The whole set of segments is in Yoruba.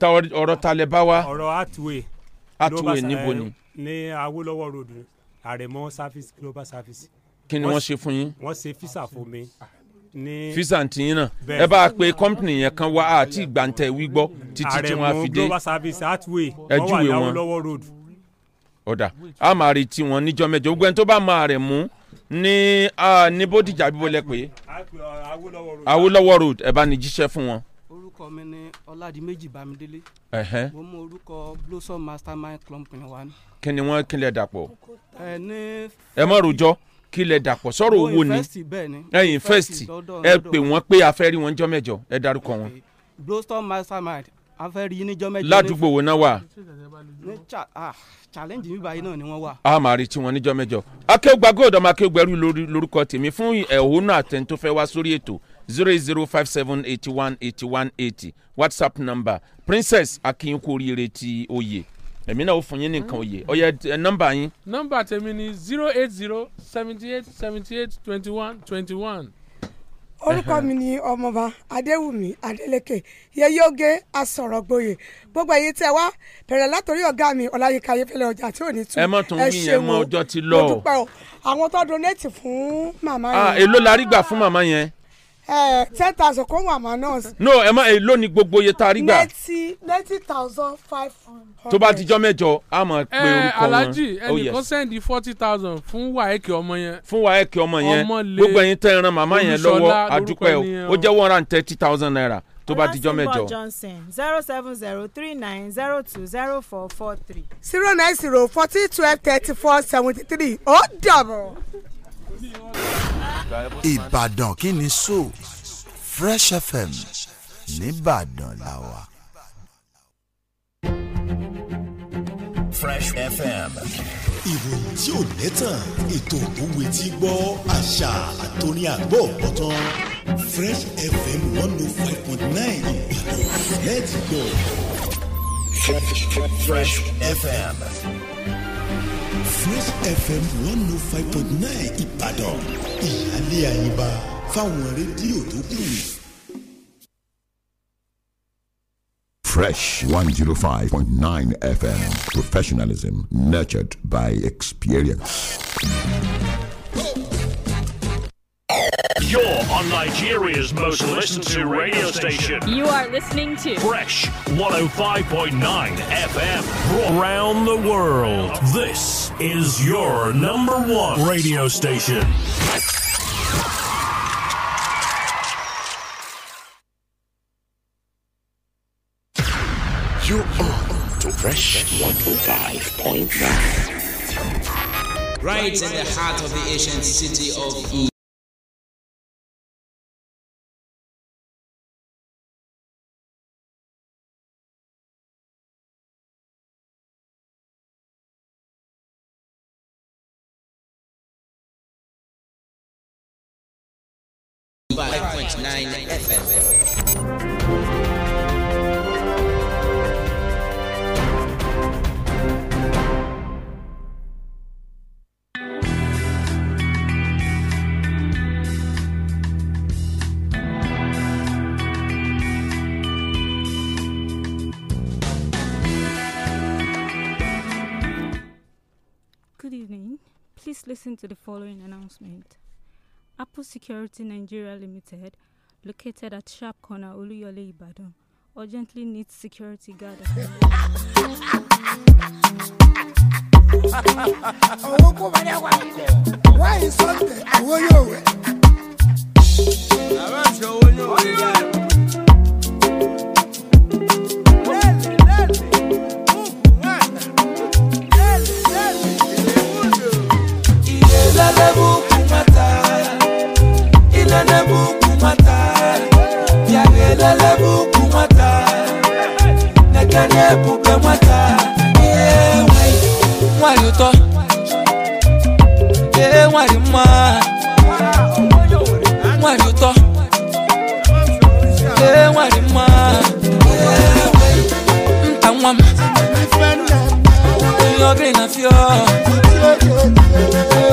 ta ọ̀rọ̀ talẹ̀ bá wa. ọ̀rọ̀ atway. atway níbo eh, ni. ní Awólọ́wọ̀ road àrẹ̀mọ service global service. kí ni wọ́n ṣe fún yín. wọ́n ṣe fisa fún mi ní. fisa ti yín náà ẹ bá a pe company yẹn kan wá àti ìgbàntẹ wígbọ́ títí tí wọ́n á fi dé. àrẹ̀mọ global service atway wọ́n wà ní road. ọ̀dà a máa rí tiwọn níjọ́ mẹ́jọ gbogbo tó bá máa rẹ̀ mú ní ní Bódìjà bíbó lẹ pé Awólọ́wọ̀ road ẹ bá ní jíṣẹ́ fún wọn orúkọ mi ni ọládìméjì bámidélé. mo mú orúkọ blossom mastermind company wa ni. kí ni wọ́n kílẹ̀ dàpọ̀. ẹ ní. ẹ mọ̀ rojọ́ kílẹ̀ dàpọ̀ sọ̀rọ̀ owó ni ẹ invest ẹ pè wọ́n pé a fẹ́ rí wọn jọ́ mẹ́jọ ẹ dárúkọ wọn. blossom mastermind a fẹ́ rí níjọ́ mẹ́jọ. ládùúgbò wo náà wà. ní ah, challenge mi báyìí náà ni wọ́n wà. a máa retí wọn níjọ́ mẹ́jọ. akéwàgbọ́ ọ̀dọ́mọ akéwàgbẹ́rù lórúkọ tèmi fún ẹ̀hónú àtẹ̀ntó fẹ́ wá sórí ètò Zero zero five seven eighty eighty one one eighty. whatsapp number princess akínkóríire ti oyè èmi náà ó fún yín ní nǹkan òye ọyẹ nọmba yín. nọmba tèmi ni zero eight zero seventy eight seventy eight twenty one twenty one. orúkọ mi ni ọmọọba adéwùmí adélèké yẹyẹ oge asọ̀rọ̀gboyè gbogbo èyí tẹ wá bẹ̀rẹ̀ látòrí ọ̀gá mi ọláyíká ayéfẹ́lẹ́ ọjà tí ò ní tún ẹ ṣe wo ẹ ti lọ o àwọn tó donate fún màmá yẹn. Ah, èló la rí gbà fún màmá yẹn. Eh, ten thousand kó wà mọ́ nọ́ọ̀sì. no ẹ má èló ni gbogbo iye tá a rí gbà. ninety ninety thousand five hundred. tó bá dijọ́ mẹ́jọ a máa pe eh, orúkọ wọn. alhaji oh, ẹnìkan sẹ́ndí forty thousand fún wàhẹ́kì ọmọ yẹn. fún wàhẹ́kì ọmọ yẹn gbogbo ẹ̀yin tẹ́ ẹran màmá yẹn lọ́wọ́ àdúpẹ́ o ó jẹ́ one hundred and thirty thousand naira tó bá dijọ́ mẹ́jọ. johnson zero seven zero three nine zero two zero four four three. zero nine zero forty twelve thirty four seventy three ó dàbọ̀ ìbàdàn kí so fresh fm nìbàdàn la wà. fresh fm. ìròyìn tí ò lẹ́tàn ètò òwe tí gbọ́ àṣà àtòní àgbọ̀ ọ̀tán fresh fm one oh five point nine ìbàdàn let's go fresh, fresh, fresh fm. Fresh FM one oh five point nine Ìbàdàn ìyáálé àyíbá fáwọn rédíò tó kù. Fresh 105.9 FM. Professionalism nurtured by experience. You're on Nigeria's most listened to radio station. You are listening to Fresh 105.9 FM. Around the world, this is your number one radio station. You are to Fresh 105.9. Right in the heart of the ancient city of E. FM. listen to the following announcement. Apple Security Nigeria Limited located at Sharp Corner, Oluyole, Ibadan, urgently needs security guard. Why is something? Inanabu kumata Inanabu kumata Nadala buku mata Nakane bupe mata Yeah, why? Mwari uto Yeah, mwari mwa Mwari uto Yeah, mwari mwa Yeah, why? Mta mwama Yo green of yo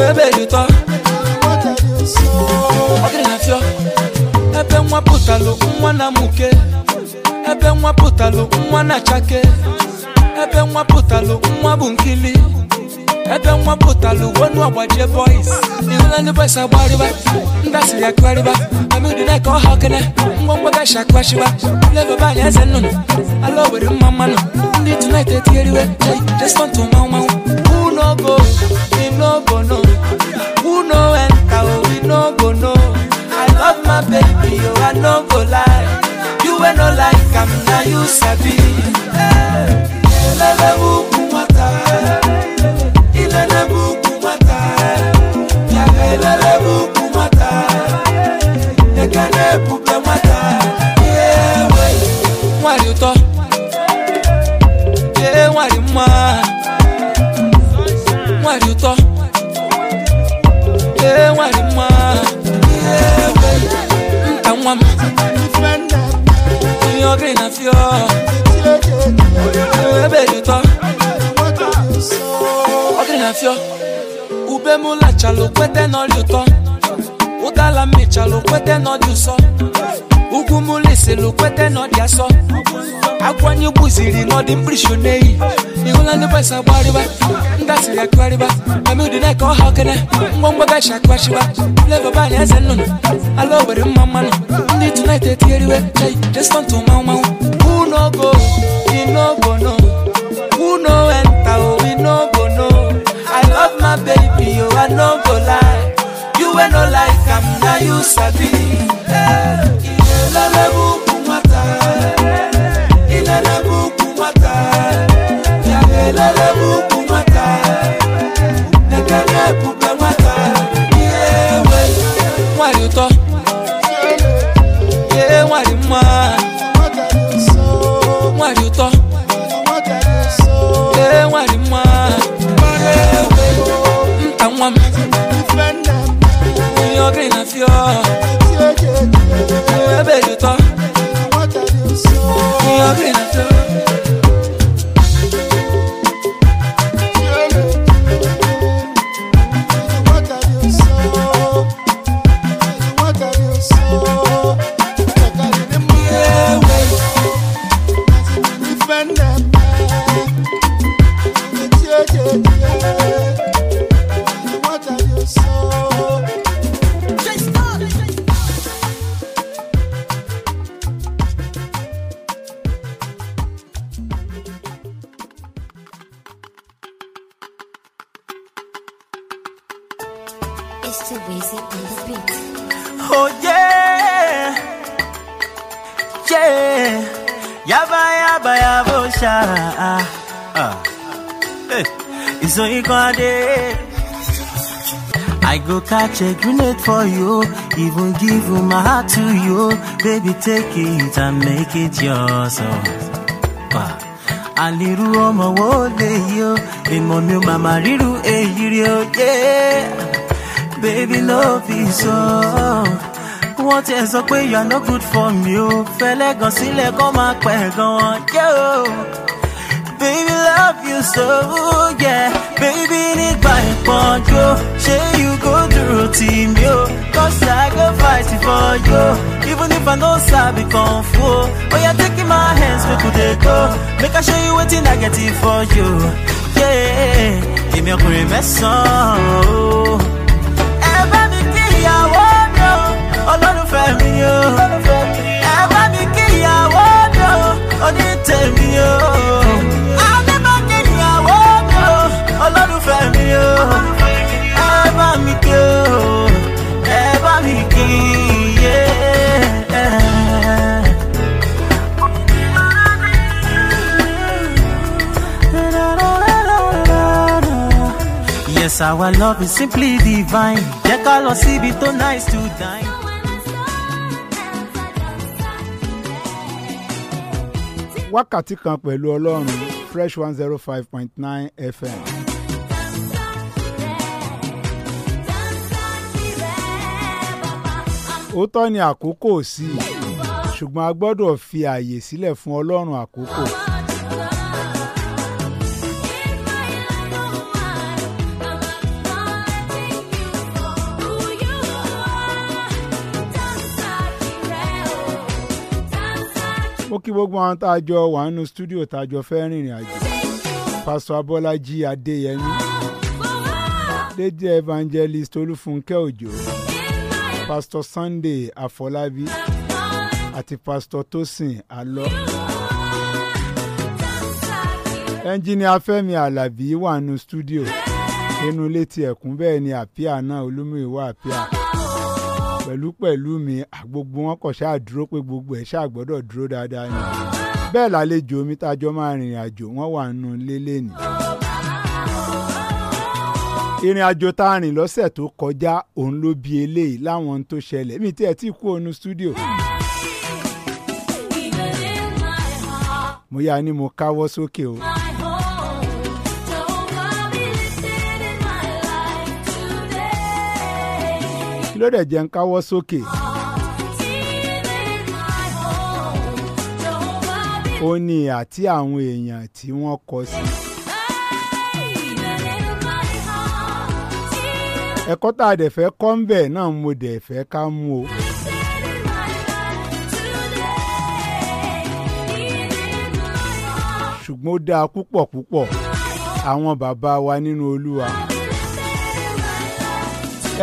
Ebe uto Green of yo ebe nwa pụtalụ nwa na muke ebe nwa pụtalụ nwa na chake ebe nwa pụtalụ nwa bụ nkili ebe nwa pụtalụ wenu agbajie boys irula ndị boys agbariba ndasị ya kụgharịba amidide ka ọ ha okene ngwongwo gashi akwashiba lebe be anyị eze nnụnụ ala owere mma mmanụ ndị tonight etigheriwe just want to manwanwụ ụlọ ogo ime ogo no baby, oh I no go lie. You ain't no like I'm now you sabi. Hey. your green and pure. Ebe you talk. Green and pure. Ube mula chalo kwete no you talk. Udala mi chalo kwete no you so. Ugumulese lo kwete no dia so. Akwanye buziri no di mprishonei. ihụla pesa gbariba ngasị ya kụgharịba amidine ka ọ ha okene ngwa ngwa gashi akpashiba levọban eze nnụnụ ala ogbere mma ndị tunaịt etigheriwe chai jestọntụ manwụ manwụ unogo inogono uno enta i love my baby Oh, i no go lie you wey no like am now you sabi. Yeah. Yeah, la, la, bu, bu, kelele buku nwata nekele ebube nwata ewe nwanyị ụtọ ee nwanyị mma nwanyị ụtọ ee nwanyị mma nta nwa m onye ọgị na fio ebe dị ụtọ onye ọgị na fio catch a grenade for you. Even give my heart to you. Baby, take it and make it yours. Oh. Wow. Aliru ọmọ wo le yìí o, èmọ̀ mi ò màmá ríru èyí e rí o, yeah. Baby love is all. What is up sọ pé you no good for me o, fẹ́lẹ́ gan sílẹ̀ kọ́ máa pẹ̀ gan-an, yeah. baby love you so yeah baby need my point yo say you go through team yo cause I go fight for you even if I know sabi kung fu oh yeah taking my hands make we dey go make I show you wetin I get it for you yeah give me ọkùnrin mẹ́sàn-án oh. o. ẹ bá mi kí Cause our love is simply divine. Jẹ́ ká lọ síbi tó nice to dine. Wákàtí kan pẹ̀lú Ọlọ́run Fresh one zero oh five point nine FM. Òótọ́ ni àkókò sí i, ṣùgbọ́n a gbọ́dọ̀ fi ààyè sílẹ̀ fún Ọlọ́run àkókò. mo kí gbogbo àwọn tá a jọ wà nínú stúdíò tá a jọ fẹ́ rìnrìn àjò pásítọ̀ abọ́lájí adéyẹmí lady evangelist olúfúnkẹ́ òjò pásítọ̀ sunday àfọlábí àti pásítọ̀ tósìn alọ́ ẹnjìníà fẹ́mi alábí wà nínú stúdíò inú ilé ti ẹ̀kún bẹ́ẹ̀ ni àpíà náà olúmúìwá àpíà pẹ̀lú pẹ̀lú mi gbogbo wọn kọ̀ ṣáà dúró pé gbogbo ẹ̀ ṣáà gbọ́dọ̀ dúró dáadáa ni bẹ́ẹ̀ lálejò mi tájọ́ máa rìnrìn àjò wọ́n wà nù lélẹ̀ ni. ìrìn àjò tá a rìn lọ́sẹ̀ tó kọjá òun ló bi eléyìí láwọn ohun tó ṣẹlẹ̀ mi tí ẹ ti kú ònu stúdíò. mo yá ni mo káwọ́ sókè o. kí ló dẹ̀ jẹ́ ń káwọ́ sókè. ó ní àti àwọn èèyàn tí wọ́n kọ sí. ẹ̀kọ́ tá a dẹ̀ fẹ́ kọ́ ń bẹ̀ náà mo dẹ̀ fẹ́ ká mú o. ṣùgbọ́n ó dáa púpọ̀ púpọ̀ àwọn bàbá wa nínú Olúwa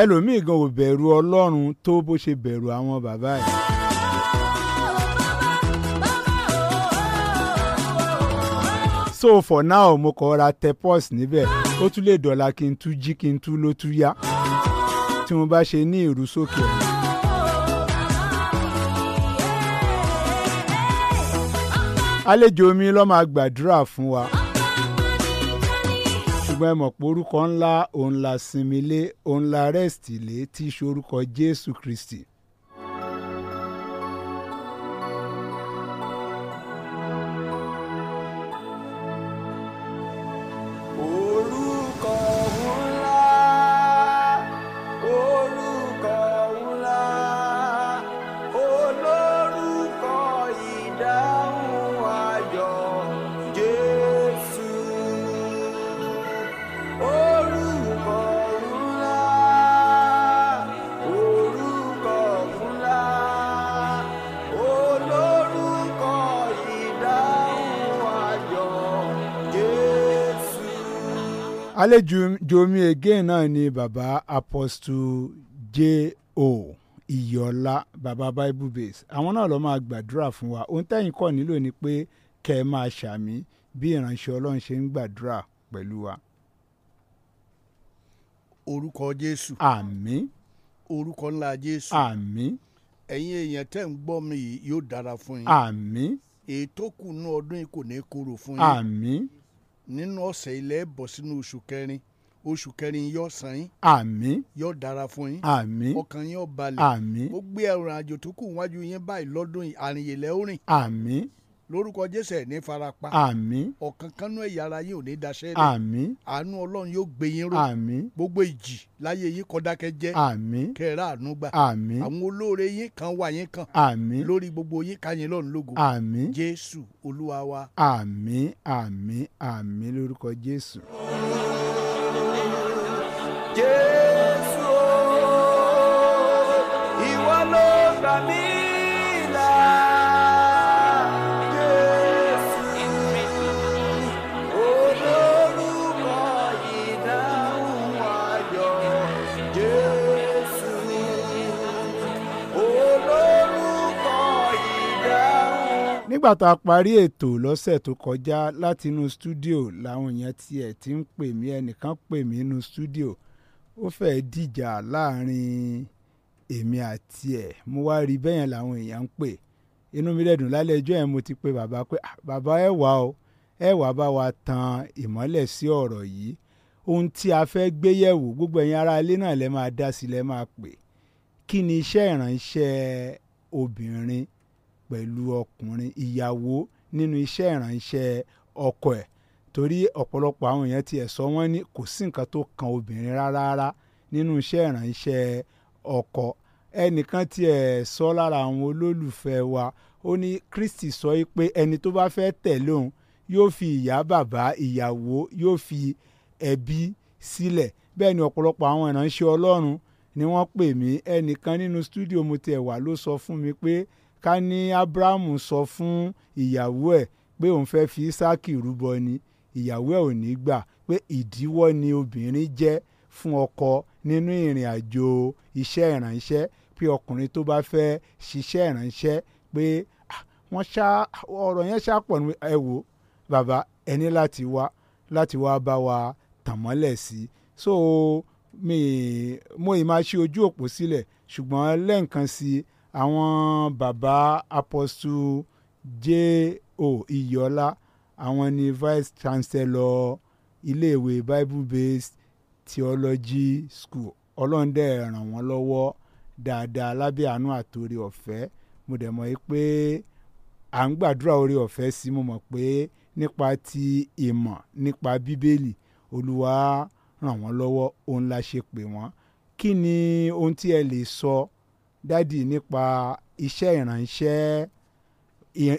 ẹlòmíì gan ò bẹ̀rù ọlọ́run tó bó ṣe bẹ̀rù àwọn bàbá ẹ̀. so for now mo kọ ra tepos níbẹ̀ ó tún lè dọ̀la kí n tú jí kí n tú ló tú yá tí mo bá ṣe ní ìrú sókè àlejò mi ló máa gbàdúrà fún wa ṣùgbọ́n ẹ mọ̀ pé orúkọ ńlá òun la sinmi lé òun la rẹ́sìtì lé tí í ṣe orúkọ Jésù Kristi àlejò jomi again náà ni baba apostle J.O. Ìyọ̀lá baba Bible Base àwọn náà ló máa gbàdúrà fún wa ohun tẹ́yìn kọ́ nílò ni pé kẹ́ ẹ máa ṣàmì bí ìránṣẹ́ Ọlọ́run ṣe ń gbàdúrà pẹ̀lú wa. orúkọ Jésù. àmín. orúkọ ńlá Jésù. àmín. ẹ̀yin èèyàn tẹ́ ń gbọ́ mi yìí yóò dára fún yín. àmín. ètò kùnú ọdún yìí kò ní kúrò fún yín. àmín nínú ọ̀sẹ̀ ilẹ̀ bọ̀ sínú oṣù kẹrin oṣù kẹrin yóò san yín. àmín. yóò dára fún yín. àmín. ọkàn yín balẹ̀. àmín. ó gbé ẹrù àjò tó kù wájú yín báyìí lọ́dún àrìnyẹ̀lẹ̀ ó rìn lórúkọ jésù ẹ ní farapa. àmín. ọ̀kan kanú ẹ̀yà ara yín ò ní daṣẹ́ lẹ̀. àmín. àánú ọlọ́run yóò gbé yín ró. àmín. gbogbo ìjì láyé yín kọ́dákẹ́ jẹ́. àmín. kẹ́rẹ́ àánú gbà. àmín. àwọn olóore yín kan wà yín kan. àmín. lórí gbogbo yín káyín lọ́run lógo. àmín. jésù olúwa wa. àmín àmín àmín lórúkọ jésù. jésù ìwọ ló gbà mí. nígbà tá a parí ètò lọ́sẹ̀ tó kọjá látinú stúdíò làwọn èèyàn tiẹ̀ ti ń pè mí ẹnìkan pè mí inú stúdíò ó fẹ́ẹ́ dìjà láàrin èmi àti ẹ̀ mo wá rí bẹ́yẹn làwọn èèyàn ń pè inú mi dẹ̀ dùn lálẹ́ ẹjọ́ yẹn mo ti pe bàbá pé bàbá ẹ wá o ẹ wá bá wa tan ìmọ́lẹ̀ sí ọ̀rọ̀ yìí ohun tí a fẹ́ gbé yẹ̀wò gbogbo ẹ̀yin ará ilé náà lẹ́ máa dá sí lẹ́ máa pè kí ni iṣẹ́ ìránṣẹ́ obìnrin pẹ̀lú ọkùnrin ìyàwó nínú iṣẹ́ ìrànṣẹ́ ọkọ ẹ̀ torí ọ̀pọ̀lọpọ̀ àwọn èèyàn tiẹ̀ sọ wọ́n ní kò sí nǹkan tó kan obìnrin rárá nínú iṣẹ́ ìrànṣẹ́ ọkọ ẹnìkan tiẹ̀ sọ lára àwọn olólùfẹ́ wa ó ní Kristi sọ pé ẹni tó bá fẹ́ tẹ̀lé òun yóò fi ìyá bàbá ìyàwó yóò fi ẹbí sílẹ̀ bẹ́ẹ̀ ni ọ̀pọ̀lọpọ̀ àwọn ìránṣẹ́ Ọlọ́run ni wọ́n pè mí ẹnìkan nínú stúdíò mo tiẹ̀ wà ló sọ fún mi pé ká ní ábúráhámù sọ fún ìyàwó ẹ̀ pé òun fẹ́ fi ísáàkì rúbọ ni ìyàwó ẹ̀ ò ní gbà pé ìdíwọ́ ni obìnrin jẹ́ fún ọkọ nínú ìrìn àjò iṣẹ́ ìránṣẹ́ pé ọkùnrin tó bá fẹ́ ṣiṣẹ́ ìránṣẹ́ pé ah, wọ́n ṣá ọ̀rọ̀ yẹn ṣá pọ̀ ní ẹ wò bàbá ẹni láti wá láti wá bá wa tàn mọ́lẹ̀ sí i so mi mo ì máa ṣe ojú òpó sílẹ̀ ṣùgbọ́n lẹ́ǹkan sí i àwọn Baba apọ́sù J.O. Iyọ́lá àwọn ni vice chancellor iléèwé Bible Based Theology School ọlọ́ndẹ̀ ràn wọ́n lọ́wọ́ dáadáa lábẹ́ àánú àtòrí ọ̀fẹ́ mo dẹ̀ mọ̀ pé à ń gbàdúrà orí ọ̀fẹ́ sí mo mọ̀ pé nípa ti ìmọ̀ nípa bíbélì olúwa ràn wọ́n lọ́wọ́ òun la ṣe pè wọ́n kí ni ohun tí ẹ lè sọ so, dadi nípa iṣẹ́ ìránṣẹ́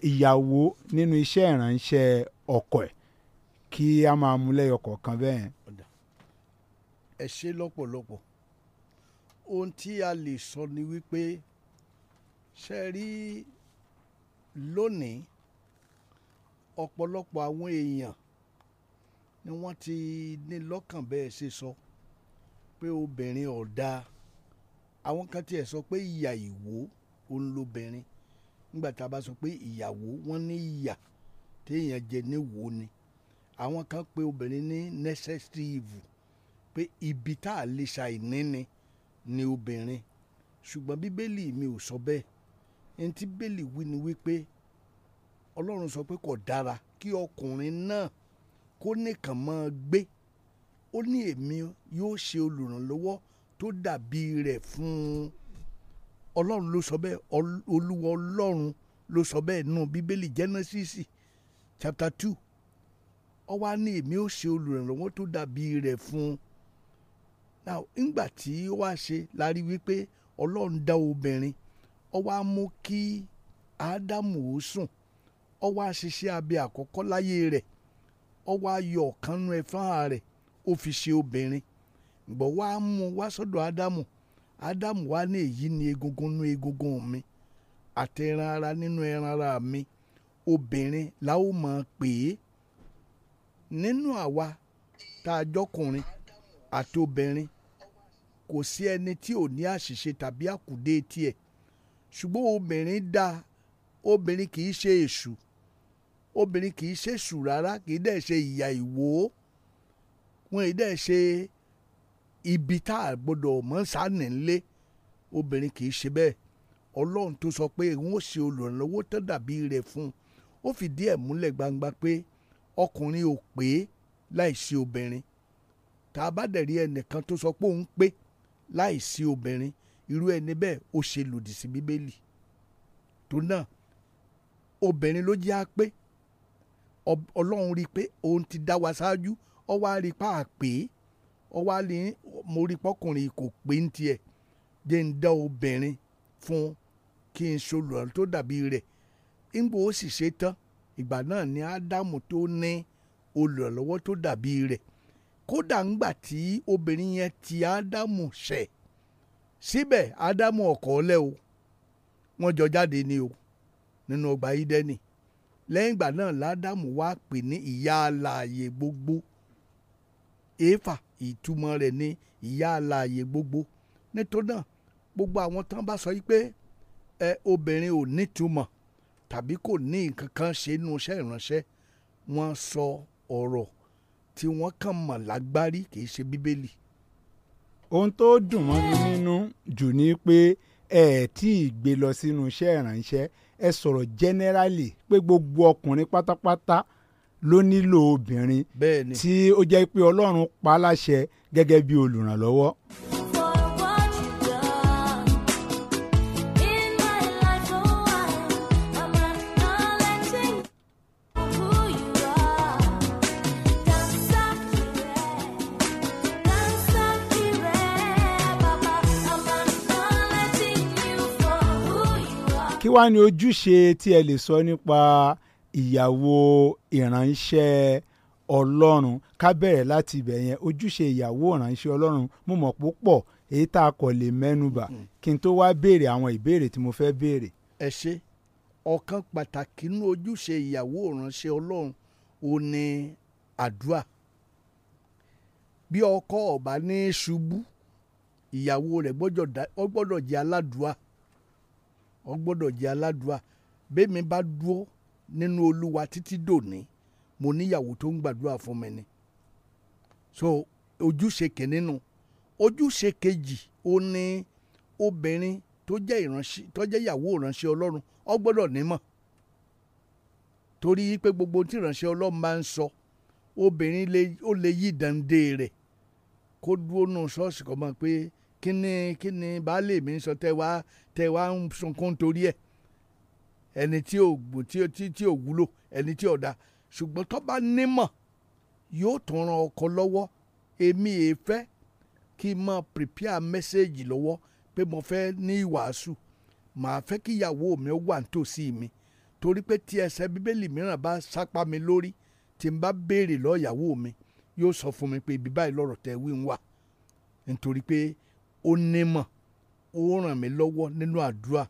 ìyàwó nínú iṣẹ́ ìránṣẹ́ ọkọ ẹ̀ kí a máa mú lẹ́yọ kọ̀ọ̀kan bẹ́ẹ̀. ẹ ṣe lọ́pọ̀lọpọ̀ ohun tí a lè sọ ni wípé ṣe rí lónìí ọ̀pọ̀lọpọ̀ àwọn èèyàn ni wọ́n ti ní lọ́kàn bẹ́ẹ̀ ṣe sọ pé obìnrin ò dáa àwọn kan tiẹ̀ sọ pé ìyà ìwò òun lobìnrin nígbà tá a bá sọ pé ìyàwó wọ́n ní ìyà téèyàn jẹ níwò ni àwọn kan pé obìnrin ní necessary pé ibi tá a lè ṣàìní ni ni obìnrin ṣùgbọ́n bíbélì mi ò sọ bẹ́ẹ̀ ẹni tí bíbélì wí ni wípé ọlọ́run sọ pé kò dára kí ọkùnrin náà kó nìkan máa gbé ó ní èmi yóò ṣe olùrànlọ́wọ́ tó dàbí rẹ fún ọlọrun ló sọ bẹẹ olúwa ọlọrun ló sọ bẹẹ nù bíbélì Genesis chapter two ó wá ní èmi ó ṣe olùrànlọ́wọ́ tó dàbí rẹ fún now ńgbà tí ó wá ṣe la rí wípé ọlọrun dá obìnrin ó wá mú kí ádámù ó sùn ó wá ṣiṣẹ́ abẹ àkọ́kọ́ láyé rẹ̀ ó wá yọ ọ̀kan nú ẹ̀fọ́n rẹ̀ ó fi ṣe obìnrin bọ̀ wá mú wá sọ́dọ̀ ádámù ádámù wá ní èyí ni egungun nú egungun mi àti ẹran ara nínú ẹran ara mi obìnrin la ó máa pè é nínú àwa tá a jọkùnrin àti obìnrin kò sí ẹni tí ò ní àṣìṣe tàbí àkùdé tiẹ̀ ṣùgbọ́n obìnrin dá obìnrin kì í ṣe èṣù obìnrin kì í ṣe èṣù rárá kì í dẹ̀ ṣe ìyà ìwò wọn ì dẹ̀ ṣe ibi tá a gbọ́dọ̀ mọ́ sáànì ńlé obìnrin kì í ṣe bẹ́ẹ̀ ọlọ́run tó sọ pé òun ó ṣe olùrànlọ́wọ́ tó dàbí rẹ̀ fún un ó fìdí ẹ̀ múlẹ̀ gbangba pé ọkùnrin ò pé láìsí obìnrin tá a bá dẹ̀ rí ẹnìkan tó sọ pé òun pé láìsí obìnrin irú ẹni bẹ́ẹ̀ ó ṣe lòdì sí bíbélì tó náà obìnrin ló jẹ́ á ọlọ́run rí i pé òun ti dá wa ṣáájú ọ wá àpè ọwọ́ àlè mo rí pọkùnrin kò pé ń tiẹ̀ jẹ́ ń dá obìnrin fún kí n ṣolùrànlọ́ tó dàbí rẹ̀ ńgbò ó sì ṣe tán ìgbà náà ni ádámù tó ní olùrànlọ́wọ́ tó dàbí rẹ̀ kódà ńgbà tí obìnrin yẹn ti ádámù ṣẹ̀ síbẹ̀ ádámù ọ̀kọ́ lẹ́ o wọ́n jọ jáde ni o nínú ọgbà ídẹ́nì lẹ́yìn ìgbà náà ládámù wá pè ní ìyá alààyè gbogbo éfà ìtumọ̀ rẹ̀ ni ìyá alààyè gbogbo nítorí náà gbogbo àwọn tán bá sọ yìí pé ẹ obìnrin ò nítumọ̀ tàbí kò ní nǹkan kan ṣe nínú iṣẹ́ ìránṣẹ́ wọ́n sọ ọ̀rọ̀ tí wọ́n kàn mọ̀ lágbárí kì í ṣe bíbélì. ohun tó dùn mọ́ mi nínú jù ni pé ẹ ẹ̀ tí ì gbé lọ sínú iṣẹ́ ìránṣẹ́ ẹ sọ̀rọ̀ generally pé gbogbo ọkùnrin pátápátá ló nílò obìnrin tí ó jẹ́ pé ọlọ́run pa á láṣẹ gẹ́gẹ́ bí olùrànlọ́wọ́. kí wàá ní ojúṣe tí ẹ lè sọ nípa ìyàwó ìránṣẹ́ ọlọ́run ká bẹ̀rẹ̀ láti ibẹ̀ yẹn ojúṣe ìyàwó ìránṣẹ́ ọlọ́run mo mọ̀ púpọ̀ èyí tá a kọ̀ lè mẹ́nuba kí n tó wá béèrè àwọn ìbéèrè tí mo fẹ́ béèrè. ẹ ṣe ọ̀kan pàtàkì nínú ojúṣe ìyàwó ìránṣẹ́ ọlọ́run ò ní àdúrà bí ọkọ ọba ní ṣubú ìyàwó rẹ̀ gbọ́dọ̀ jẹ́ aládùá ó gbọ́dọ̀ aládùá bẹ́ẹ̀ bá dúró nínú olúwa títí dòní mo níyàwó tó ń gbàdúrà fún mi ni so ojúṣe kìnínú ojúṣe kejì ó ní obìnrin tó jẹ́ ìránṣẹ́ tó jẹ́ ìyàwó ìránṣẹ́ ọlọ́run ó gbọ́dọ̀ nímọ̀ torí pé gbogbo tí ìránṣẹ́ ọlọ́run máa ń sọ obìnrin ó lè yí dande rẹ̀ kó dúró nù ṣọ́ọ̀ṣì kọ́ mọ̀ pé kíni kíni baálé mi ń sọ tẹ́ wá tẹ́ wá ń sunkún torí ẹ̀ ẹni tí ò gbò tí ò wúlò ẹni tí ò da ṣùgbọ́n tó bá nímọ̀ yóò tún ran ọkọ lọ́wọ́ èmi è fẹ́ kí n máa prepare message lọ́wọ́ pé mo fẹ́ ní ìwàásù màá fẹ́ kí ìyàwó mi ó wà nítòsí mi torí pé tí ẹsẹ̀ bíbélì mìíràn bá sápá mi lórí tí n bá béèrè lọ́ ìyàwó mi yóò sọ fún mi pé ibi báyìí lọ́rọ̀ tẹ́ wí ń wà nítorí pé ó nímọ̀ ó ràn mí lọ́wọ́ nínú àdúrà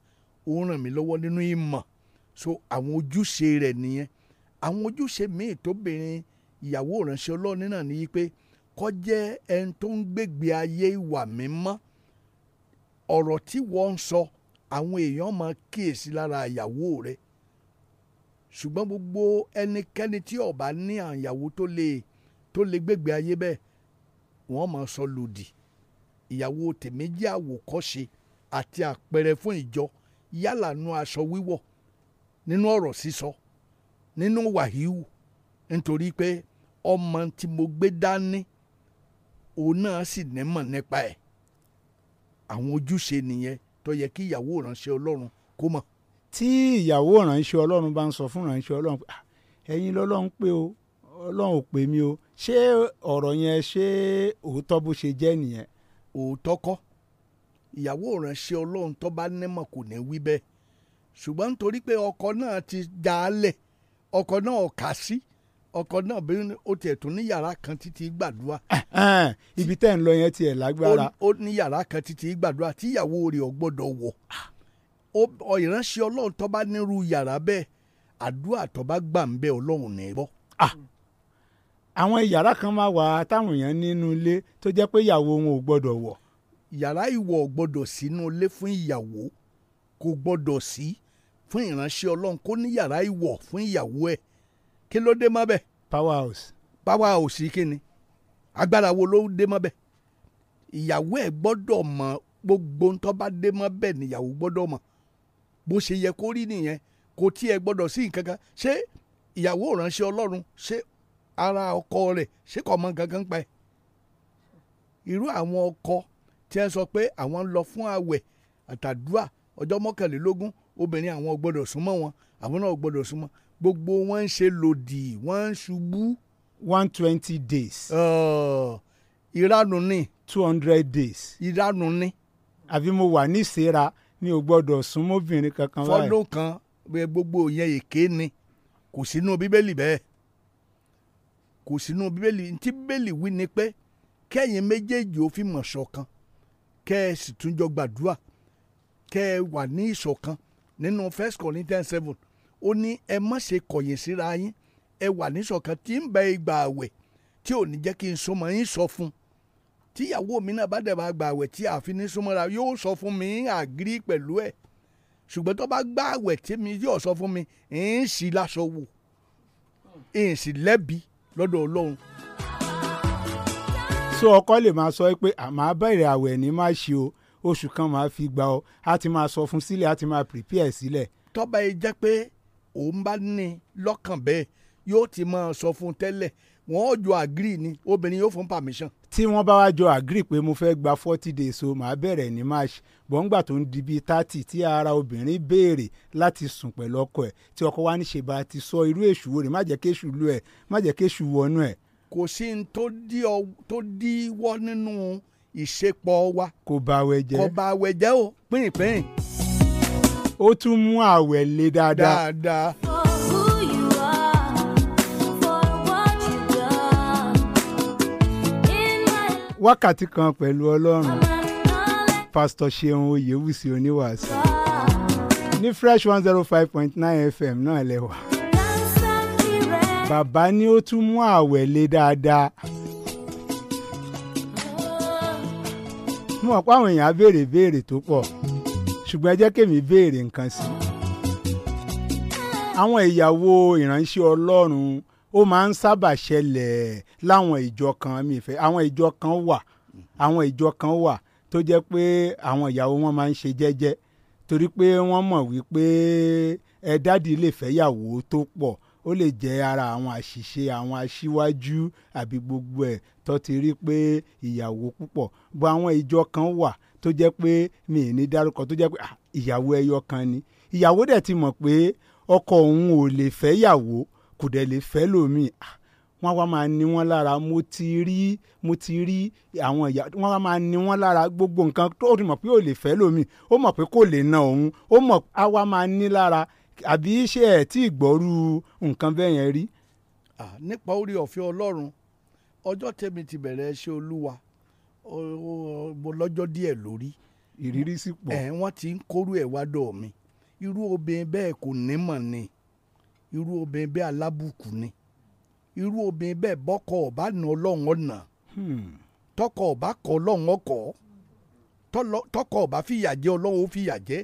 ó ràn mí lọ́wọ́ nínú ìmọ̀ so àwọn ojúṣe rẹ̀ nìyẹn àwọn ojúṣe míì tóbìnrin ìyàwó ìránṣẹ́ Ọlọ́run náà ni pé kó jẹ́ ẹni tó ń gbègbè ayé ìwà mímọ́ ọ̀rọ̀ tí wọ́n ń sọ àwọn èèyàn máa kíyèsí lára ìyàwó rẹ̀ ṣùgbọ́n gbogbo ẹnikẹ́ni tí ó bá ní àyàwó tó lè tó lè gbègbè ayé bẹ́ẹ̀ wọ́n máa sọ lòdì ìyàwó tèmi jẹ́ àwòkọ́ṣe àti àpẹẹrẹ fún ìjọ yálà nu aṣọ wíwọ̀ nínú ọ̀rọ̀ sísọ nínú wàhíù nítorí pé ọmọ tí mo gbé dání òun náà sì nímọ̀ nípa ẹ̀ àwọn ojúṣe nìyẹn tó yẹ kí ìyàwó ìránṣẹ́ ọlọ́run kó mọ̀. tí ìyàwó ìránṣẹ́ ọlọ́run bá ń sọ fún ìránṣẹ́ ọlọ́run pé ẹ̀yin lọ́lọ́run pé o ọlọ́run ò pè mí o ṣé ọ̀rọ̀ yẹn ṣé òótọ́ bó ṣe jẹ́ nìyẹn. òótọ́ kọ́ ìyàwó ìránṣẹ́ ọlọ́run tó bá nímọ̀ kò ní wí bẹ́ẹ̀ ṣùgbọ́n nítorí pé ọkọ náà ti já a lẹ̀ ọkọ náà ò kà sí ọkọ náà bí ó tiẹ̀ tún ní yàrá kan títí gbàdúrà. ibi tẹ́ ń lọ yẹn tiẹ̀ lágbára. ó ní yàrá kan títí gbàdúrà tí ìyàwó rẹ̀ ò gbọ́dọ̀ wọ̀ ìránṣẹ́ ọlọ́run tó bá nírú yàrá bẹ́ẹ̀ àdúrà tó bá gbà ń bẹ ọlọ́run ní bọ́. Ah, àwọn yàrá kan máa wà táwọn èèyàn nínú ilé tó jẹ́ pé ìyàwó wọn ò gbọ́dọ̀ wọ̀. yàrá ìwọ̀ gbọ́dọ̀ sínú ilé fún ìyàwó kò gbọ́dọ̀ sí. Si fún ìránṣẹ́ ọlọ́run kó ní yàrá ìwọ̀ fún ìyàwó ẹ̀ kí ló dé mọ́bẹ̀. power house. power house kí ni agbára wo ló dé mọ́bẹ̀ ìyàwó ẹ̀ gbọ́dọ̀ mọ gbogbo ń tó bá dé mọ́bẹ̀ níyàwó gbọ́dọ̀ mọ̀ bó ṣe yẹ kó rí nìyẹn kò tí ẹ gbọ́dọ̀ sí nǹkan kan ṣé ìyàwó ìránṣẹ́ ọlọ́run ṣé ara ọkọ rẹ̀ ṣé kò mọ gangan pa ẹ̀ irú àwọn ọkọ tí ẹ sọ pé àwọn ń lọ fún àwẹ̀ àtàdúrà ọjọ́ mọ́kànlélógún obìnrin àwọn gbọ́dọ̀ súnmọ́ wọn àwọn náà gbọ́dọ̀ súnmọ́ gbogbo wọn ń ṣe lòdì wọn ń ṣubú. one twenty days. ìranù ni. two hundred days. ìranù ni. àbí mo wà ní ìsera mi ò gbọ́dọ̀ súnmọ́bìnrin kankan báyìí. fọdún kan gbogbo yẹn èké ni kò sínú bíbélì bẹ́ẹ̀ kò sínú bíbélì tí bíbélì wí ni pé kẹ́yìn méjèèjì ó fi mọ̀ ṣọ̀kan kẹ́ ẹ sì tún jọ gbàdúrà kẹ́ ẹ wà ní ìṣọ̀kan nínú first corinthians seven ó ní ẹ má ṣe kọ̀yìn síra yín ẹ wà níṣọ̀kan tí ń bẹ ìgbà àwẹ̀ tí ò ní jẹ́ kí n súnmọ́ yín sọ fún tíyàwó mi náà bá dẹ̀ bá gbà àwẹ̀ tí àfi ní súnmọ́ra yóò sọ fún mi àgírí pẹ̀lú ẹ̀ ṣùgbọ́n tó bá gbà àwẹ̀ tí mi yóò sọ fún mi ń sì láṣọ wò ń sì lẹ́bi lọ́dọ̀ ọlọ́run. so ọkọ lè máa sọ pé àmọ́ abẹ́rẹ́ àwẹ̀ ni má ṣe o oṣù kan máa fi gbà ọ á ti máa sọ fún sílẹ̀ á ti máa prepare sílẹ̀. tọ́ba yìí jẹ́ pé òun bá ní lọ́kàn bẹ́ẹ̀ yóò ti máa sọ fún tẹ́lẹ̀ wọ́n jọ agree ni obìnrin yóò fún permission. tí wọ́n bá wá jọ agree pé mo fẹ́ gba forty days o màá bẹ̀rẹ̀ ní march bọ́ngbà tó ń di bíi thirty tí ara obìnrin béèrè láti sùn pẹ̀lú ọkọ ẹ̀ tí ọkọ wa ní ṣe bá ti sọ irú èṣù wo rè má jẹ́ kéṣù lu ẹ̀ má jẹ́ kéṣù wọnú ẹ̀. kò sí ní tó dí nínú ìṣepọ̀ wa. kò ba àwẹ̀ jẹ́ kò ba àwẹ̀ jẹ́ o pínpín. ó tún mú àwẹ̀ le dáadáa. dáadáa. wákàtí kan pẹ̀lú ọlọ́run pásítọ̀ ṣeun oyèwùsì oníwàásù ní fresh one zero five point nine fm náà lẹ́wà bàbá ni ó tún mú àwẹ̀ le dáadáa. mo mọ̀ pé àwọn èèyàn á béèrè béèrè tó pọ̀ ṣùgbọ́n ẹ jẹ́ kémi béèrè nǹkan sí i àwọn ìyàwó ìránṣẹ́ ọlọ́run ó máa ń sábà ṣẹlẹ̀ láwọn ìjọ kan mi fẹ́ àwọn ìjọ kan wà àwọn ìjọ kan wà tó jẹ́ pé àwọn ìyàwó wọn máa ń ṣe jẹ́jẹ́ torí pé wọ́n mọ̀ wípé ẹ dádì lè fẹ́yàwó tó pọ̀ ó lè jẹ́ ara àwọn àṣìṣe àwọn aṣíwájú àbí gbogbo ẹ̀ tó ti rí pé ìyàwó púpọ̀ bó àwọn ìjọ kan wà tó jẹ́ pé mi ì ní dárúkọ tó jẹ́ pé ah, ìyàwó ẹyọ kan ni ìyàwó dẹ̀ ti mọ̀ pé ọkọ òun ò lè fẹ́ yàwó kò dẹ̀ lè fẹ́ lòmíì ah, wọ́n wá máa ní wọ́n lára mo ti rí mo ti rí àwọn ìyá wọ́n wá máa ní wọ́n lára gbogbo nǹkan tó ti mọ̀ pé ò lè fẹ́ lòmíì ó mọ̀ pé kò lè na òun ó mọ̀ á wá máa ní lára àbí ṣé ẹ tí ì gbọ́rú nǹkan bẹ́ẹ̀ yẹn rí. nípa orí ọ̀fẹ́ ọlọ́run ọjọ́ tèmi ti bẹ̀rẹ̀ ṣe olúwa mo lọ́jọ́ díẹ̀ lórí. ìrírí sì pọ̀. ẹ wọ́n ti ń kórú ẹ̀ wá dọ̀ mi irú obìnrin bẹ́ẹ̀ kò ní mọ̀ ni irú obìnrin bẹ́ẹ̀ alábùkù ni irú obìnrin bẹ́ẹ̀ bọ́kọ ọ̀bá nà ọlọ́run ọ̀nà hmm. tọkọ ọ̀bá kọ ọlọ́run ọkọ̀ tọkọ ọ̀bá fìyà jẹ ọlọ́run ó fìyà jẹ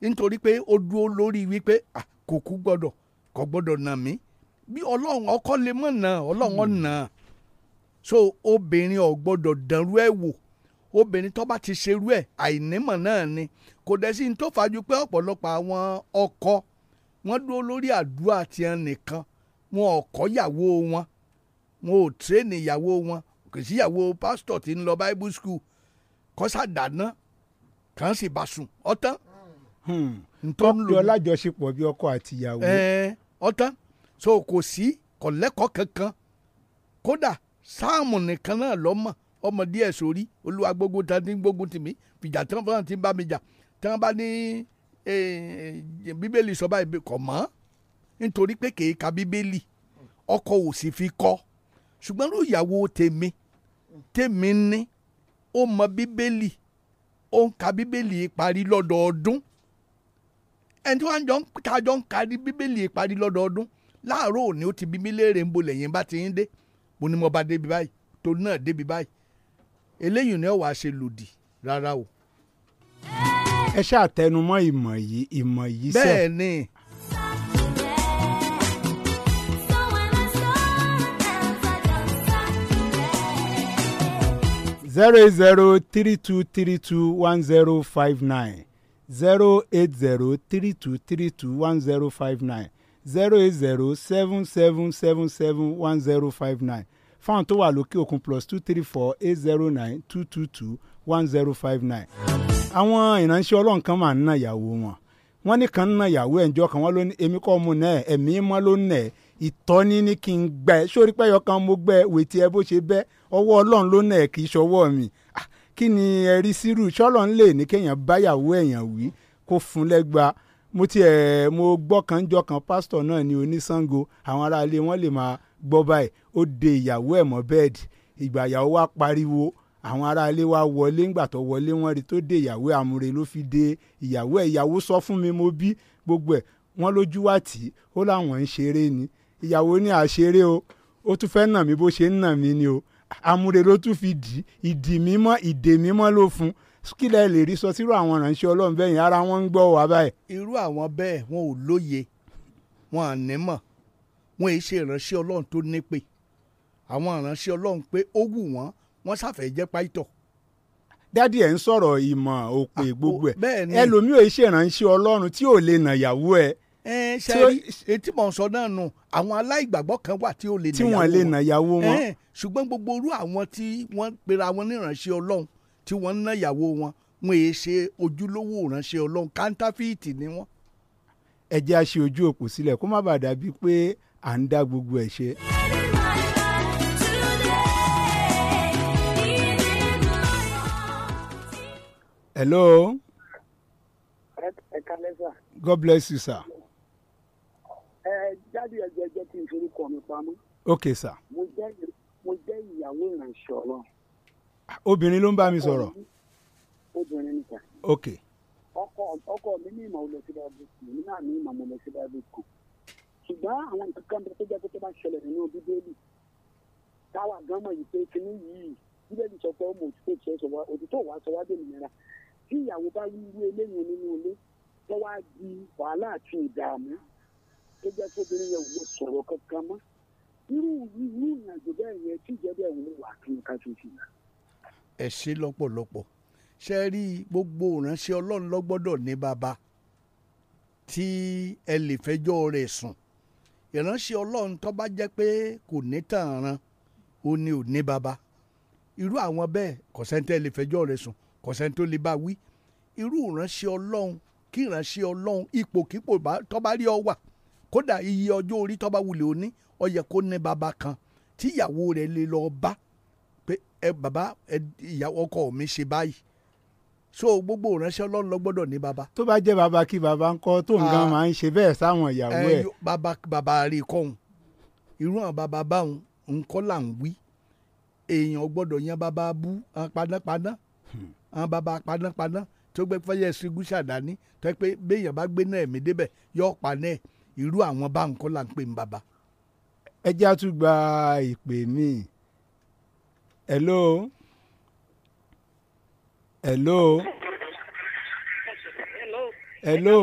nítorí pé ó dúró lórí wípé ah, kò kú gbọ́dọ̀ kò gbọ́dọ̀ nà mí bí ọlọ́run ọkọ lè mọ̀ nà ọlọ́run nà so obìnrin ò gbọ́dọ̀ dànrú ẹ̀ wò obìnrin tó bá ti ṣerú ẹ̀ àìnímọ̀ náà ni kò dẹ̀ sí ní tó fàájú pé ọ̀pọ̀lọpọ̀ àwọn ọkọ wọn dúró lórí àdúrà tiẹ̀ nìkan wọn ò kọ́ yàwó wọn wọn ò tírèèni ìyàwó wọn kò sí ìyàwó pásítọ̀ tí ń lọ bible school kọ́sà dáná kàn sì bá sùn ọ̀tán Hmm. tọ́pẹ́ ọlájọṣepọ̀ bíi ọkọ àtìyàwó. ọ̀tán so kò sí kọ̀lẹ́kọ̀ọ́ kankan kódà sáàmù nìkan náà lọ́mọ ọmọ díẹ̀ sórí olúwa gbógun tán ti ń gbógun tì mí fìjà tán fún ti ń bá mi jà tán bá ní bíbélì sọ báyìí kọ̀ mọ́ nítorí pé kèé ka bíbélì ọkọ ò sì fi kọ́ ṣùgbọ́n ló ìyàwó tèmi tèmi ní ó mọ bíbélì ó ń ka bíbélì parí lọ́dọọdún ẹni tí wọ́n jọ ń kájọ ń kárí bíbélì ìparí lọ́dọọdún láàárọ̀ òní ó ti bí mí ń bo lẹ́yìn bá ti ń dé mo ní mo bá débi báyìí tó náà débi báyìí eléyìí ni ó wàá ṣe lòdì rárá o. ẹ ṣáà tẹnumọ́ ìmọ̀ yìí ìmọ̀ yìí sẹ́. bẹ́ẹ̀ zero eight zero three two three two one zero five nine zero eight zero three two three two one zero five nine zero eight zero seven seven seven seven one zero five nine fáwọn tó wà lókè òkun plus two three four eight zero nine two two two one zero five nine. àwọn ìránṣẹ́ ọlọ́run kan máa ń na ìyàwó wọn wọ́n ní kan ń na ìyàwó ẹ̀ǹjọ́ kan wọ́n ló ní èmi kọ́ mu náà ẹ̀mí mọ́ ló nà ẹ̀ ìtọ́ni ní kí n gbẹ sórí pẹ́yọ kan mo gbẹ wètí ẹ bó ṣe bẹ́ ọwọ́ ọlọ́run ló nà ẹ̀ kì í ṣọwọ́ mi kí ni ẹ rí sírù ṣọ́lọ́ ń lè ní kéèyàn báyàwó èèyàn wí kó fún lẹ́gba mo tiẹ̀ mo gbọ́ kan jọ kan pásítọ̀ náà ní oníṣàngó àwọn aráalé wọn lè máa gbọ́ báyìí ó de ìyàwó ẹ̀ mọ́ bẹ́ẹ̀dì ìgbà ìyàwó wa pariwo àwọn aráalé wa wọlé ńgbà tó wọlé wọn rí tó de ìyàwó àmúre ló fi de ìyàwó ẹ̀ ìyàwó sọ fún mi mo bí gbogbo ẹ̀ wọ́n lójú wá tì í ó láwọn ń ṣeré ni ìyàwó ní àṣeré o ó tún fẹ́ nà mí bó ṣe ń nà mí ni o àmúre ló tún fi dì ìdì mímọ́ ìdè mímọ́ ló fún kí lẹ lè rí sọ sírò àwọn ìránṣẹ́ Ọlọ́run bẹ́ẹ̀ yẹn ara wọn ń gbọ́ wá báyìí. irú àwọn bẹ́ẹ̀ wọn ò lóye wọn à ní mọ̀ wọn èyí ṣe ìránṣẹ́ Ọlọ́run tó nípè àwọn ìránṣẹ́ Ọlọ́run pé ó wù wọ́n wọ́n ṣàfẹ́ jẹ́ pàìtọ̀ dádì ẹ̀ ń sọ̀rọ̀ ìmọ̀ òpè ah, gbogbo ẹ̀ ẹlòmíì ò ṣe ìránṣẹ́ ọlọ́run tí ò lè nà yàwó ẹ̀ ṣe tí mò sọ náà nù àwọn aláìgbàgbọ́ kan wà tí ó lè nàyàwó wọn tí wọ́n lè nàyàwó wọn. ṣùgbọ́n gbogbo orú àwọn tí wọ́n pera wọn níránṣẹ́ ọlọ́run tí wọ́n ń nàyàwó wọn wọn èé ṣe ojúlówó ìránṣẹ́ ọlọ́run kántáfíìtì ni wọ́n. ẹ a ṣe ojú òpó sílẹ̀ kó má bàa dàbí pé à ń dá gbogbo ẹ̀ ṣe. hello. God bless you sir dáàdi ẹgbẹ́ ẹgbẹ́ tí n fi orúkọ mi pamọ́. ok sir. mo jẹ́ mo jẹ́ ìyàwó ìrànṣẹ́ ọlọ́run. Ah, obìnrin ló ń bá mi sọ̀rọ̀. obìnrin nìkà. ok. ọkọ ọkọ mi ní ìmọ̀ olùsílẹ̀ ọdún mi náà ní ìmọ̀ olùsílẹ̀ ọdún kan. ṣùgbọ́n àwọn nǹkan kan tó jẹ́ pé tó bá ṣẹlẹ̀ nínú bíbélì táwa gan mọ̀ yìí pé kinní yìí bíbélì sọ pé ọmọ òtítọ́ ìṣẹ́ sọ wá òtítọ́ wá sọ wá dènìyàn ra tí ìyàwó bá rí irú eléyìí nínú ilé tó wá di wàhálà àti ìdààmú tó jẹ́ kóbìnrin yẹn wò sọ̀rọ̀ kankan mọ́ irú irú ìrìnàjò bẹ́ẹ̀ yẹn tí ìjẹ́bẹ̀ òun wà kí n ká fi fi là. ẹ ṣe lọ́pọ̀lọpọ̀ ṣe rí gbogbo ìránṣẹ́ ọlọ́run ló gbọ́dọ̀ ní bàbá tí ẹ lè fẹjọ́ rẹ̀ sùn ìránṣẹ́ ọlọ́run tó bá jẹ́ pé kò ní tààràn ó ní ò ní bàbá irú àwọn bẹ́ẹ̀ kọ̀sẹ́ńtẹ́ lè fẹjọ́ rẹ̀ sùn kọ̀sẹ́ńtẹ́ lè bá wí irú ìránṣẹ́ ọlọ́run kí ìránṣẹ́ ọlọ́run ipò kípò tó bá rí ọ wà kódà iye ọjọ́ orí tó bá wulẹ̀ òní ó yẹ kó ní bàbá kan tí ìyàwó rẹ̀ lè lọ bá pé ẹ bàbá ẹ ìyàwó ọkọ mi ṣe báyìí so gbogbo ìránṣẹ́ ọlọ́run ló gbọ́dọ̀ ní bàbá. tó bá jẹ́ bàbá kí bàbá ń kọ́ tó nǹkan ah. máa ń ṣe bẹ́ẹ̀ sáwọn ìyàwó ẹ̀. bàbá bàbá rè kọ́hún irú àwọn bàbá báwọn nǹkan là ń wí èèyàn gbọ́dọ̀ yan bàbá bú panápaná hmm. àwọn bàbá panápaná tó gbé fẹ́yẹ̀ sí dání tó yẹ pé béèyàn bá gbé náà ẹ̀mí débẹ̀ yọ ọ́ náà irú àwọn báwọn là ń pè ní bàbá. ẹ jẹ́ àtúgbà ìpè mi hello hello hello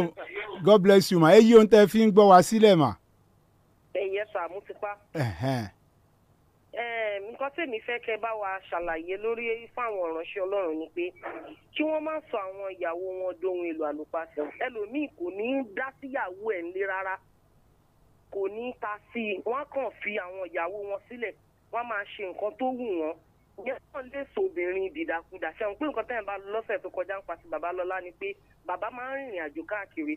god bless you ma èyí ohun tẹ́ fi ń gbọ́ wá sílẹ̀ mà. ẹ̀yẹ sàmú ti pa. Eh, nǹkan tèmi fẹ́ kẹ́ bá wa ṣàlàyé lórí fáwọn ìránṣẹ́ ọlọ́run ni pé kí wọ́n má sọ àwọn ìyàwó wọn dohun èlò àlùpàṣẹ ẹlòmíì kò ní í dá síyàwó ẹ̀ ńlé rárá kò ní í ta sí i wọ́n kàn fi àwọn ìyàwó wọn sílẹ̀ wọ́n máa ṣe nǹkan tó wù wọ́n yẹn náà lè sọ obìnrin dìdàkudà ṣẹ́wọ̀n pé nǹkan tẹ́yìn bá lọ́sẹ̀ tó kọjá ń pa sí babalọ́lá ni pé bàbá máa ń rìnrìn àjò káàkiri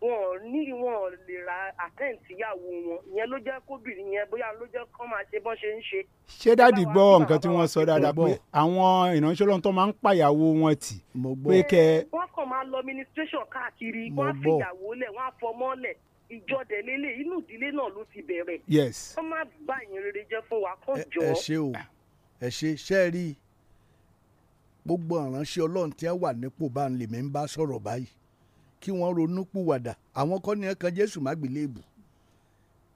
wọn ní wọn lè ra àtẹ̀ǹtì ìyàwó wọn ìyẹn ló jẹ́ kóbìnrin yẹn bóyá ló jẹ́ kán máa ṣe bọ́n ṣe ń ṣe. ṣé dádì gbọ́ nǹkan tí wọ́n sọ dáadáa pé àwọn ìránṣẹ́ ọlọ́run máa ń pàyàwó wọn tì. mo gbọ́ pé kẹ. wọ́n kàn máa lọ ministration káàkiri wọ́n á fi ìyàwó lẹ̀ wọ́n á fọmọ́ lẹ̀ ìjọdẹ lélẹ̀ inú ìdílé náà ló ti bẹ̀rẹ̀. yes. wọ́n má bá ìyẹn rere jẹ́ fún wa kàn jọ. ẹ ṣe o ẹ ṣe ṣe rí gbogbo ìránṣẹ́ ọlọ́run tí wà nípò bá ń lè mí ń bá sọ̀rọ̀ báyìí kí wọ́n ronú pìwàdà àwọn kọ́ ni ẹ kan jésù má gbélébù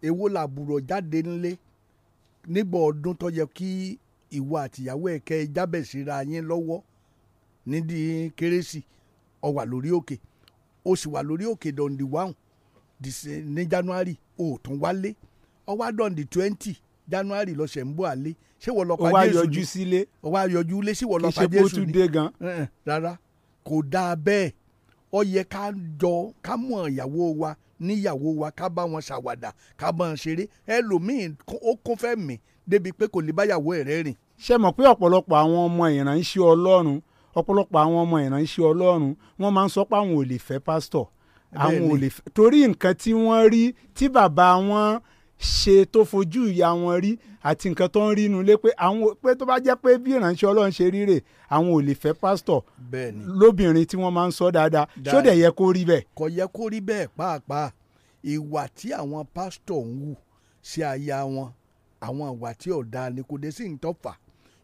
èwo làbùrọ̀ jáde ńlé nígbà ọdún tó yẹ kí ìwọ àtìyàwó ẹ̀kẹ́ jábẹ̀ síra yín lọ́wọ́ nídìí kérésì ó wà lórí òkè ó sì wà lórí òkè dọ̀ǹdì wáhùn ní january ó tún wálé ó wá dọ̀ǹdì twenty january lọ́sẹ̀ ń bọ̀ àlé ṣé wọ́n lọ pa jésù ó wá yọjú sílé ó wá yọjú lé ṣé wọ́n lọ jésù ni kì í ṣe kó tún dé gan. rárá kò dáa bẹ́ẹ̀ ó yẹ ká jọ ká mọ̀ ìyàwó wa níyàwó wa ká bá wọn ṣàwàdà ká bá wọn ṣeré ẹlòmíín ó kún fẹ́ mi débi pé kò lè báyàwó ẹ̀rẹ́ rìn. ṣé mọ̀ pé ọ̀pọ̀lọpọ̀ àwọn ọmọ ìránṣẹ́ ọlọ́run ọ̀pọ̀lọpọ̀ àwọn ọmọ ìránṣẹ́ ọlọ́run wọ́n máa ń sọ pé àwọn ò lè fẹ́ pásítọ̀ àwọn ò lè fẹ́ torí nǹkan tí wọ́n rí tí bàbá wọn ṣe tó fojú ìyá wọn rí àti nǹkan tó ń rí inú ilé pé àwọn pé tó bá jẹ́ pé bí ìránṣẹ́ Ọlọ́run ṣe rí rè àwọn ò lè fẹ́ pásítọ̀ lóbìnrin tí wọ́n máa ń sọ dáadáa ṣó dẹ̀ yẹ kó rí bẹ́ẹ̀. kò yẹ kó rí bẹ́ẹ̀ pàápàá ìwà tí àwọn pásítọ̀ ń wù sí aya wọn àwọn ìwà tí ò ni kò dé sí ìtọ́fà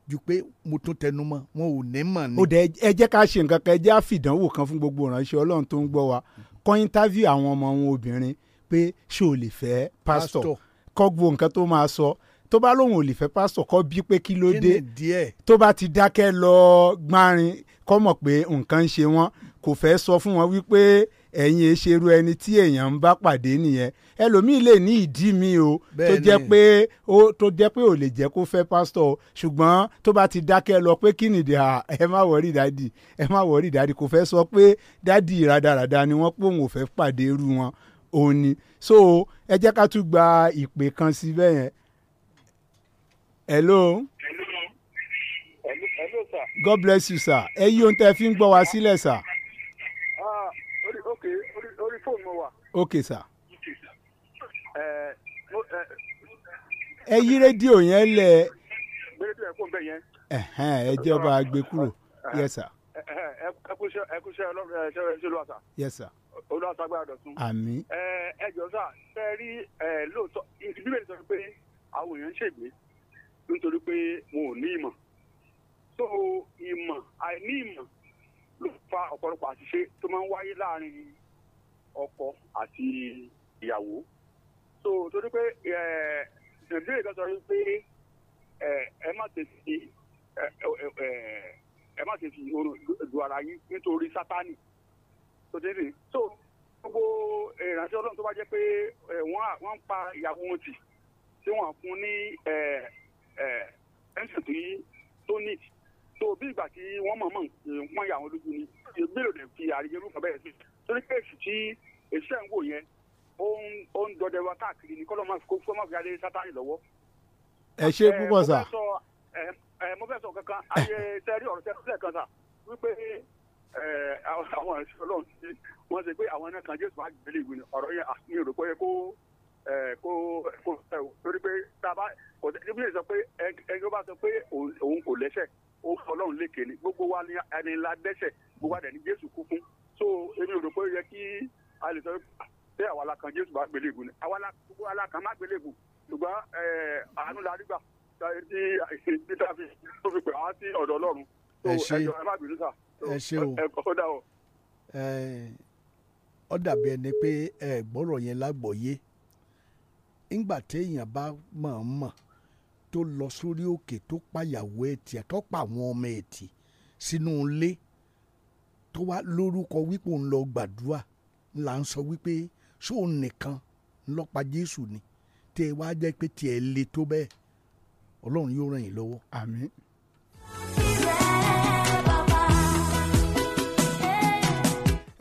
ju pé mo tún tẹnu mọ́ wọn ò ní mọ̀ ni. ó dẹ ẹ jẹ́ ká ṣe nǹkan kan ẹ jẹ́ àfìdánwò kan fún gbogbo ìránṣẹ́ Ọlọ́run tó ń gbọ́ wa kọ́ interview àwọn ọmọ wọn obìnrin pé ṣé o lè fẹ́ pásítọ̀ kọ́ gbogbo nǹkan tó máa sọ tó bá lóun ò lè fẹ́ pásítọ̀ kọ́ bí pé kí ló dé tó bá ti dákẹ́ lọ gbárin kọ́ mọ̀ pé nǹkan ń ṣe wọ́n kò fẹ́ sọ fún wọn wípé ẹ̀yin ìṣerú e ẹni tí èèyàn ń bá pàdé nìyẹn ẹlòmíì lè ní ìdí mi o tó jẹ́ pé ó tó jẹ́ pé ò lè jẹ́ kó fẹ́ pásítọ̀ o ṣùgbọ́n tó bá ti dákẹ́ lọ pé kí nìdí à ẹ má wọrí dádì ẹ má wọrí dádì kò fẹ́ sọ pé dádì rádaràda ni wọ́n pòun ò fẹ́ pàdé irú wọn òun ni so ẹ jẹ́ ká tún gba ìpè kan sí bẹ́ẹ̀ yẹn. hello. hello sir. God bless you sir. ẹ yí ohun tẹ́ fi ń gbọ́ wa sílẹ̀ sir. Ah, ok orí fóònù mo wà. ok sir. Eh, eh, ẹ yí rédíò yẹn lẹ. rédíò ẹ̀ kò ń bẹ̀ yẹn. ẹ jẹ́ ọba àgbẹ̀ kúrò. Eh, yes sir. ẹ kú iṣẹ́ ọlọ́run ẹ ṣe lọ́wọ́ sir. yes sir olùwàsàgbára dọ̀tun. àmín. ẹ ẹ jọ sá ṣe rí ẹ lóòótọ́ bíbélì sọ pé àwọn èèyàn ń ṣègbè nítorí pé wọn ò ní ìmọ̀ so ìmọ̀ àìní ìmọ̀ ló fa ọ̀pọ̀lọpọ̀ àṣìṣe tó máa ń wáyé láàrin ọkọ àti ìyàwó so torí pé ẹ nàìjíríà kan sọ pé ẹ ẹ má tètè ẹ ẹ ẹ má tètè du ara yín nítorí sátánì tó dé rè so gbogbo eh, ìránṣẹ́ ọlọ́run tó bá jẹ́ pé eh, wọ́n ń pa ìyàwó wọn tì tí wọ́n fún ní ẹ̀ǹsì eh, tí tó ní tó bí ìgbà tí wọ́n mọ̀ mọ̀ wọ́n yà wọ́n lójú ni ìgbélò rẹ̀ fi àríyé rúfọ̀ bẹ́ẹ̀ sí torí pé èsì tí èsì ẹ̀ ń wò yẹn ó ń dọdẹ wa káàkiri ní kọ́lọ́ máa fi kó máa fi adé sátánì lọ́wọ́. ẹ ṣe púpọ̀ sà. mo fẹ́ sọ kankan ayé sẹ́rí ọ̀rọ̀ sẹ́rí kan sà wípé Eh, àwọn àṣẹ ọlọ́run tí wọ́n ṣe pé àwọn náà kan jésù àgbélé ìwé ni ọ̀rọ̀ yẹn ní òròpó yẹ kó eh, kó kó eh, torí pé tábà kò tẹ́ níbi lè sọ pé ẹni ó bá sọ pé òun kò lẹ́sẹ̀ ó fọ ọlọ́run lékè ni gbogbo wa ni ẹni ńlá dẹ́sẹ̀ gbogbo àdẹ̀ ni jésù kú fún so èmi òròpó yẹ kí a lè sọ pé ah, àwa la kan jésù àgbélé ìwé ni àwa la gbogbo àlà kan má gbélé ìwé ṣùgbọ́n àánú la rí gbà tí tí tá a fi ọ̀dọ̀ ọlọ́run ẹ ṣe ẹ o ó dàbí ẹni pé ẹ gbọ́rọ̀ yẹn lágbọ̀ọ́yé ńgbà téèyàn bá mọ̀ọ́mọ̀ tó lọ sórí òkè tó pàyàwó ẹ̀tì tó pa àwọn ọmọ ẹ̀tì sínú ilé tó wá lórúkọ wípé òun lọ gbàdúrà là ń sọ wípé sóun nìkan ńlọ́pa Jésù ni tẹ́ ẹ wá jẹ́ pé tiẹ̀ le tó bẹ́ẹ̀ Ọlọ́run yóò ràn yín lọ́wọ́. àmín.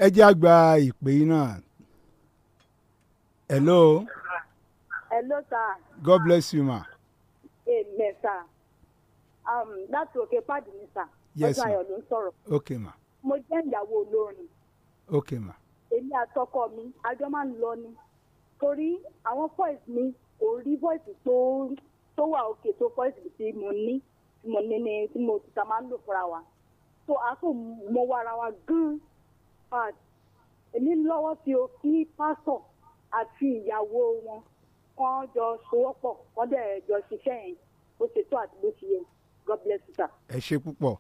ẹ jẹ́ àgbà ìpè náà. hello. hello sir. God bless you ma. amen sir. láti òkè pàdé mi sir. yes ma ọjọ́ ayọ̀ ló ń sọ̀rọ̀. ok ma. mo jẹ́ ìyàwó olórin. ok ma. èmi àtọkọ mi àjọ máa ń lọ ni torí àwọn voice mi kò rí voice tó tó wà òkè tó voice tí mo ní tí mo ní ni. tí mo ti ta máa ń lò fúnra wa so àtò mọ wàrà wa gan-an fact èmi lọ́wọ́ sí o kí pásọ̀ àti ìyàwó wọn kan jọ sowọ́pọ̀ kan dẹ̀ jọ ṣiṣẹ́ yẹn bó ṣe tó àti bó ṣe yẹ god bless you sir. ẹ ṣe púpọ̀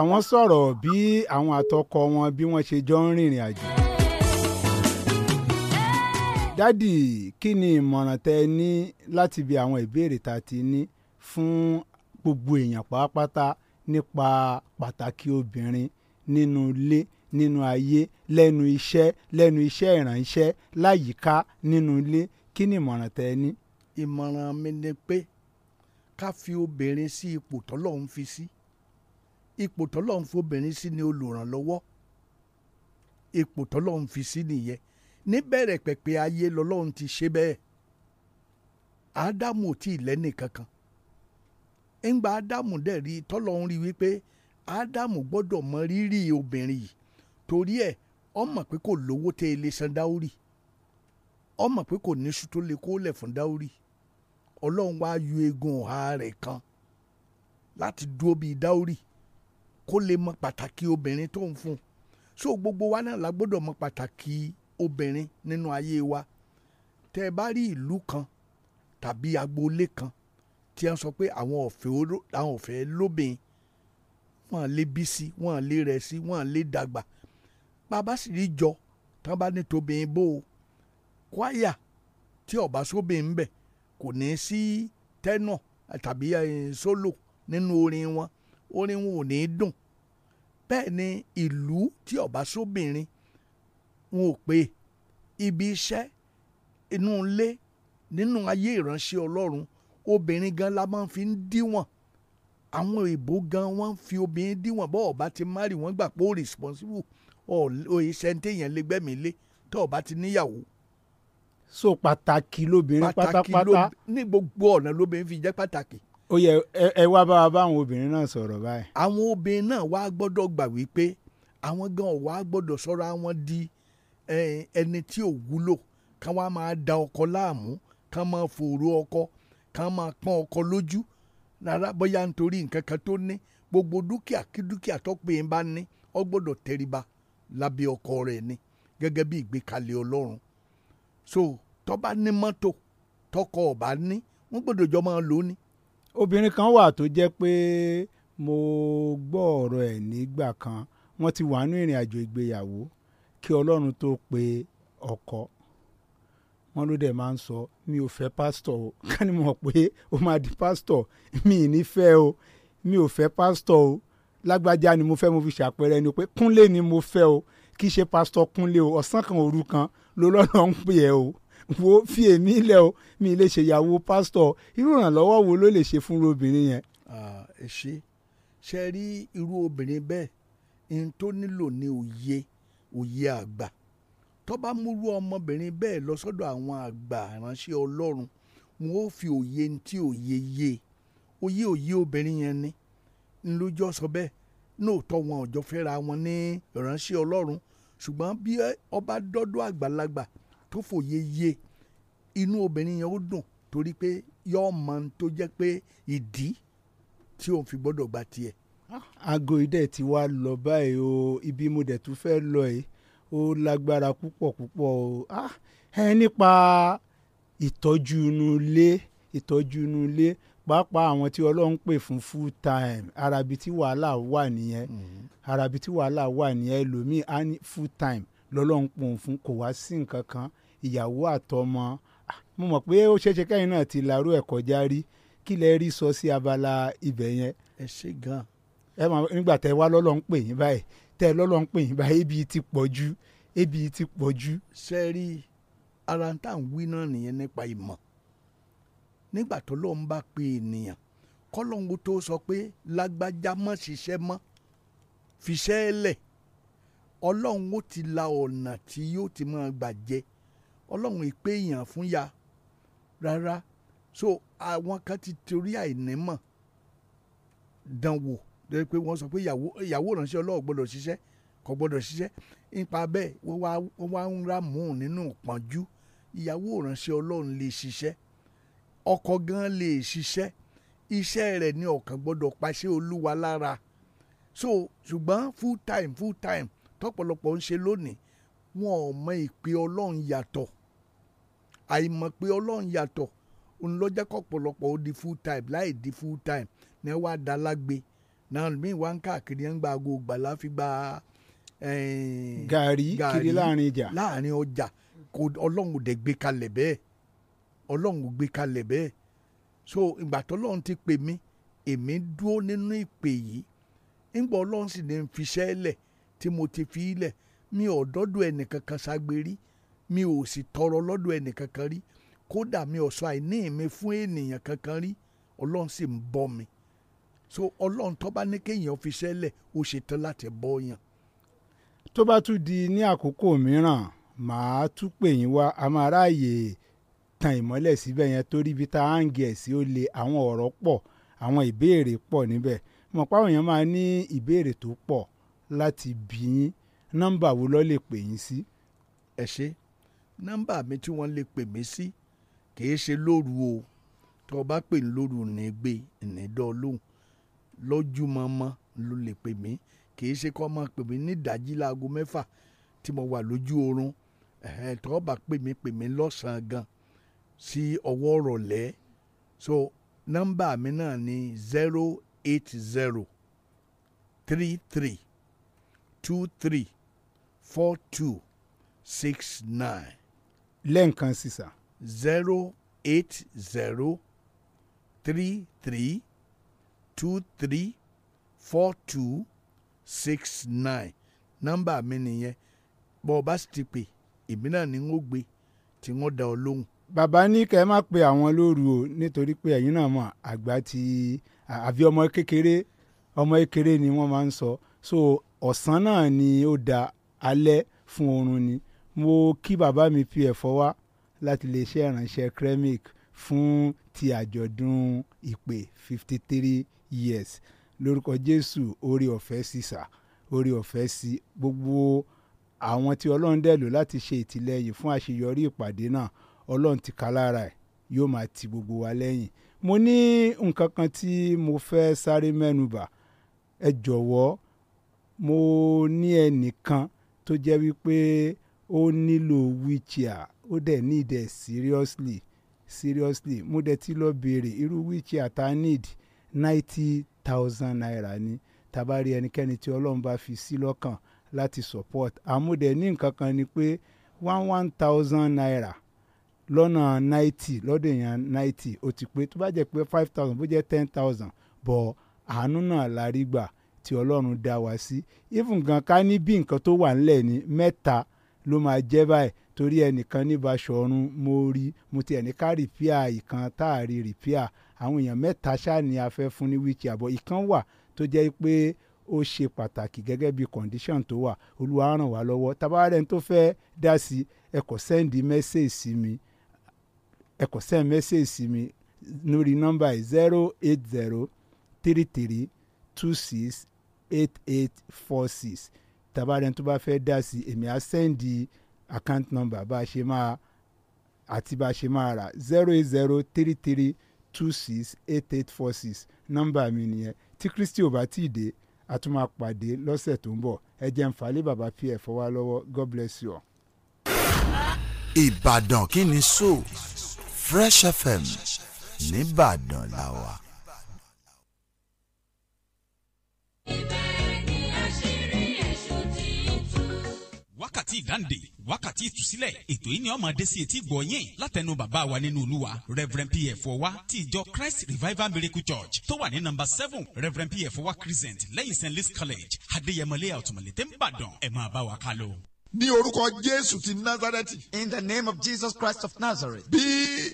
àwọn sọ̀rọ̀ bí àwọn àtọkọ wọn bí wọ́n ṣe jọ ń rìnrìn àjò. dádì kí ni ìmọ̀ràn tẹ ní láti bi àwọn ìbéèrè tá ti ní fún gbogbo èèyàn pàápàá nípa pàtàkì obìnrin nínú ilé nínú ayé lẹ́nu iṣẹ́ lẹ́nu iṣẹ́ ìrànṣẹ́ láyìíká nínú ilé kí ni ìmọ̀ràn tẹ ẹ ní. ìmọ̀ràn mi ni pé ká fi obìnrin sí ipò tọ́lọ́run fi sí ipò tọ́lọ́run fi obìnrin sí ni olùrànlọ́wọ́ ipò tọ́lọ́run fi sí nìyẹn níbẹ̀rẹ̀ pẹ̀pẹ̀ ayé lọ́lọ́run ti ṣe bẹ́ẹ̀ ádámù ò tí ì lẹ́nì kankan ńgbà ádámù dẹ̀ rí tọ́lọ́run rí wípé ádámù gbọ́dọ̀ mọ rírì obìnrin yìí torí ẹ̀ ó mọ̀ pé kò lówó tẹ́ ilé san dáórì ó mọ̀ pé kò níṣu tó lè kólẹ̀ fún dáórì ọlọ́run wá yọ eegun ọ̀há rẹ̀ kan láti dúró bíi dáórì kó lè mọ pàtàkì obìnrin tó ń fún un so gbogbo wa náà la gbọ́dọ̀ mọ pàtàkì obìnrin nínú ayé wa tẹ́ ẹ bá rí ìlú kan tàbí agboolé kan tí wọ́n sọ pé àwọn ọ̀fẹ́ lóbìn wọ́n lè bí sí wọ́n lè rẹ̀ sí wọ́n lè dàgbà bàbá sì rí jọ tán bá ní tobìnrin bó o kwaya tí ọba sóbìnrin bẹ kò ní sí tẹnọ tàbí sólò nínú orin wọn orin wọn ò ní dùn bẹ́ẹ̀ ni ìlú tí ọba sóbìnrin wọn ò pé ibi iṣẹ́ inú ilé nínú ayé ìránṣẹ́ Ọlọ́run obìnrin gan la máa fi ń díwọ̀n àwọn èèbó gan wọ́n fi obìnrin díwọ̀n bọ́ọ̀ bá ti márì wọ́n gbà pé ó responsible òye sẹ́ńtẹ́ yẹn lè gbẹ́mìí lé tó o bá ti níyàwó. so pàtàkì lóbìnrin pátápátá ní gbogbo ọ̀nà lóbìnrin fi jẹ́ pàtàkì. ó yẹ ẹ bá wa bá àwọn obìnrin náà sọ̀rọ̀ báyìí. àwọn obìnrin náà wá gbọ́dọ̀ gbà wípé àwọn gan wá gbọ́dọ̀ sọ́ra wọn di ẹni tí ò wúlò máa da ọkọ láàmú máa ọkọ máa lábẹ́ ọkọ rẹ̀ ni gẹ́gẹ́ bí ìgbékalẹ̀ ọlọ́run so tó bá ní mọ́tò tọkọ ò bá ní wọ́n gbọ́dọ̀ jọ máa lò ó ni. obìnrin kan wà tó jẹ́ pé mo gbọ́ ọ̀rọ̀ ẹ̀ nígbà kan wọ́n ti wà nínú ìrìn àjò ìgbéyàwó kí ọlọ́run tó pe ọkọ wọn ló dẹ̀ máa ń sọ mi ò fẹ́ pásítọ̀ o ká ní mọ̀ pé o máa di pásítọ̀ mi ì ní fẹ́ o mi ò fẹ́ pásítọ̀ o lágbájá ni mo fẹ́ mo fi ṣàpẹẹrẹ ni pé kúnlé ni mo fẹ́ o kì í ṣe pásítọ̀ kúnlé o ọ̀sán kan òru kan ló lọ́nà ń pè ẹ́ o wo fi èmi lẹ o mi lè ṣèyàwó pásítọ̀ irú ìrànlọ́wọ́ wo ló lè ṣe fún obìnrin yẹn. ẹ ṣe ṣe rí irú obìnrin bẹ́ẹ̀ ihun tó nílò ni òye òye àgbà tó bá múrú ọmọbìnrin bẹ́ẹ̀ lọ sọ́dọ̀ àwọn àgbà ránṣẹ́ ọlọ́run wọn ó fi òye tí òye yé òye òye obìnrin yẹn ni ńlójọ́ sọ bẹ́ẹ̀ lóòótọ́ wọn ò jọ fẹ́ra wọn ní ìránṣẹ́ ọlọ́run ṣùgbọ́n bí ọba dọ́dọ̀ àgbàlagbà tó fòye yé inú obìnrin yẹn ó dùn torí pé yọ mọ tó jẹ́ pé ìdí tí òun fi gbọ́dọ̀ gba tiẹ̀. aago idẹ ti wá lọ báyìí o ibi mo dẹ̀ tún fẹ́ lọ yìí ó lágbára púpọ̀ púpọ̀ o ah, ẹ nípa ìtọ́jú inú ilé ìtọ́jú inú ilé pàápàá àwọn tí ọlọ́run pè fún full time arabi tí wàhálà wà nìyẹn mm-hmm. arabi tí wàhálà wà nìyẹn ẹlòmíì á ní full time lọ́lọ́run pòun fún kò wá sí nǹkan kan ìyàwó àtọmọ ah, mo mọ̀ pé ó ṣeéṣe kẹ́yìn náà ti làárò ẹ̀ kọjá rí kí lẹ rí sọ sí abala ibẹ̀ yẹn. ẹ ṣe gan. ẹ mọ nígbà tẹ wá lọ́lọ́run pè yín báyìí tẹ lọ́lọ́run pè yín báyìí ebi ti pọ̀ jù ebi ti pọ̀ jù. ṣe ara tá à ń wí náà nìyẹn nípa ìmọ̀ nígbà tó lọ́n bá pe ènìyàn kọ́lọ́hún tó sọ pé lágbájá mọ́ ṣiṣẹ́ mọ́ fiṣẹ́ lẹ̀ ọlọ́run ó ti la ọ̀nà tí yóò ti máa gbà jẹ ọlọ́run ìpè èèyàn fún ya rárá so àwọn kan ti torí àìnímọ̀ dánwò lórí pé wọ́n sọ pé ìyàwó ìránṣẹ́ ọlọ́run gbọ́dọ̀ ṣiṣẹ́ kò gbọ́dọ̀ ṣiṣẹ́ nípa bẹ́ẹ̀ wọ́n wá ń ra mùún nínú ìpọ́njú ìyàwó ìránṣẹ́ ọlọ́run lè ṣiṣẹ́ ọkọ̀ gan lè ṣiṣẹ́ iṣẹ́ rẹ̀ ni ọkàn gbọ́dọ̀ paṣẹ olúwa lára so ṣùgbọ́n full time full time tọ́pọ̀lọpọ̀ ń ṣe lónìí wọn ò mọ ìpè ọlọ́run yàtọ̀ àìmọ̀ pé ọlọ́run yàtọ̀ òun ló ó di full time láì di full time náà wá da lágbe náà mí wá ń káàkiri ń gba aago gbàlá fi gba gàrí kiri láàrin ọjà láàrin ọjà ọlọ́run ò dẹ̀ gbé kalẹ̀ bẹ́ẹ̀ ọlọ́run gbé kalẹ̀ bẹ́ẹ̀ so ìgbà ọlọ́run ti pè mí èmi dúró nínú ìpè yìí ńgbà ọlọ́run sì ní fiṣẹ́ lẹ̀ tí mo ti fi í lẹ̀ mi ò dọ́dọ̀ ẹnìkankan ságbérí mi ò sì tọrọ lọ́dọ̀ kankan rí kódà mi ò sọ àìní mi fún ènìyàn kankan rí ọlọ́run sì ń bọ́ mi so ọlọ́run tó bá ní kéèyàn fiṣẹ́ lẹ̀ ó ṣetán láti bọ́ yàn. tó bá tún di ní àkókò mìíràn màá tún pè yín wá a máa ráàyè tan ìmọ́lẹ̀ síbẹ̀ yẹn torí ibi tá à ń gẹ̀ sí ó le àwọn ọ̀rọ̀ pọ̀ àwọn ìbéèrè pọ̀ níbẹ̀ mọ̀ pé àwọn èèyàn máa ní ìbéèrè tó pọ̀ láti bí yín nọ́mbà wo ló lè pè yín sí. ẹ ṣe nọ́mbà mi tí wọ́n lè pè mí sí kì í ṣe lóru o tó o bá pè ní lóru ní gbé ìnídọ́ lóhùn lójúmọmọ ló lè pè mí kì í ṣe kó máa pè mí ní ìdájí láago mẹ́fà tí mo wà lójú oorun tó o bá pè mí pè mí lọ́sàn-án gan sí ọwọ́ rọ̀lẹ́ so nọ́mbà mi náà ni zero eight zero three three two three four two six nine. lẹ́ǹkan sísà. zero eight zero three three two three four two six nine nọ́mbà mi nìyẹn bọ́ ọ bá sì ti pè èmi náà ni n ó gbé tí wọ́n dá ọ lóhùn bàbá ní kẹ́ ẹ má pe àwọn lóru o nítorí pé ẹ̀yin náà mọ̀ àgbà ti àbí ọmọ kékeré ọmọ kékeré ni wọ́n máa ń sọ so ọ̀sán náà ni ó da alẹ́ fún oorun ni mo kí bàbá mi pí ẹ̀fọ́ wá láti lè ṣe ìrànṣẹ́ kremik fún ti àjọ̀dún ìpè fifty three years lórúkọ jésù orí ọ̀fẹ́ sísà orí ọ̀fẹ́ sí gbogbo àwọn tí ọlọ́run dẹ̀ lò láti ṣe ìtìlẹ́yìn fún àṣeyọrí ìpàdé náà ọlọ́run ti kà lára ẹ̀ yóò máa ti gbogbo wa lẹ́yìn mo ní nǹkan kan tí mo fẹ́ sáré mẹ́nubà ẹ jọ̀wọ́ mo ní ẹnìkan tó jẹ́ wípé ó nílò wheelchair ó dẹ̀ need ẹ̀ seriously seriously mo dẹ̀ ti lọ béèrè irú wheelchair ta need ninety thousand naira ni tabari ẹnikẹ́ni tí ọlọ́run bá fi sí lọ́kàn láti support àmúdẹ̀ ní nǹkan kan ni pé one one thousand naira lọ́nà náìtì lọ́dọ̀ èèyàn náìtì ó ti pé tó bá jẹ́ pé five thousand bó jẹ́ ten thousand bọ̀ àánú náà la rí gbà tí ọlọ́run dá wa sí even gan ká ní bí nǹkan tó wà ńlẹ̀ ní mẹ́ta ló máa jẹ́ báyìí torí ẹnìkan ní Baṣọ̀run mo rí mo ti ẹnìkan rìpíà ìkan tá a rí rìpíà àwọn èèyàn mẹ́ta ṣáà ni a fẹ́ fún ní wíìkì àbọ̀ ìkan wà tó jẹ́ pé ó ṣe pàtàkì gẹ́gẹ́ bí condition tó wà olúwa ràn wá lọ́wọ́ tabarẹ́ni tó fẹ́ dá sí ẹ kò sẹ́ndí mi 0244 ẹ kò send message mi lórí nọ́mbà yìí zero eight zero three three two six eight eight four six tabarẹ́ni tó bá fẹ́ dá sí èmi á sẹ́ndì account number bá a ṣe máa àti bá a ṣe máa rà zero eight zero three three two six eight eight four six nọ́mbà mi nìyẹn tí Kristi ò bá tíì dé a tún máa pàdé lọ́sẹ̀ tó ń bọ̀ ẹ jẹ́ n falẹ̀ bàbá pf fọwọ́ lọ́wọ́ God bless you. Ìbàdàn kí ni so Fresh FM nìbàdàn la wà. wákàtí ìdáǹdè wákàtí ìtúsílẹ̀ ètò yìí ni ó máa dé sí etí gbọ̀nyìn látẹnu bàbá wa nínú olúwa reverend pf ọwa ti ìjọ christ revival miracle church tó wà ní nọ́mbà seven reverend pf ọwa crescent lẹ́yìn st louis college adéyẹmọlẹ́yà ọ̀túnmọ̀lẹ́tẹ̀ ń bàdàn ẹ̀ máa bá wa ká ní orúkọ jésù ti nazareti. in the name of jesus christ of nazareth. bí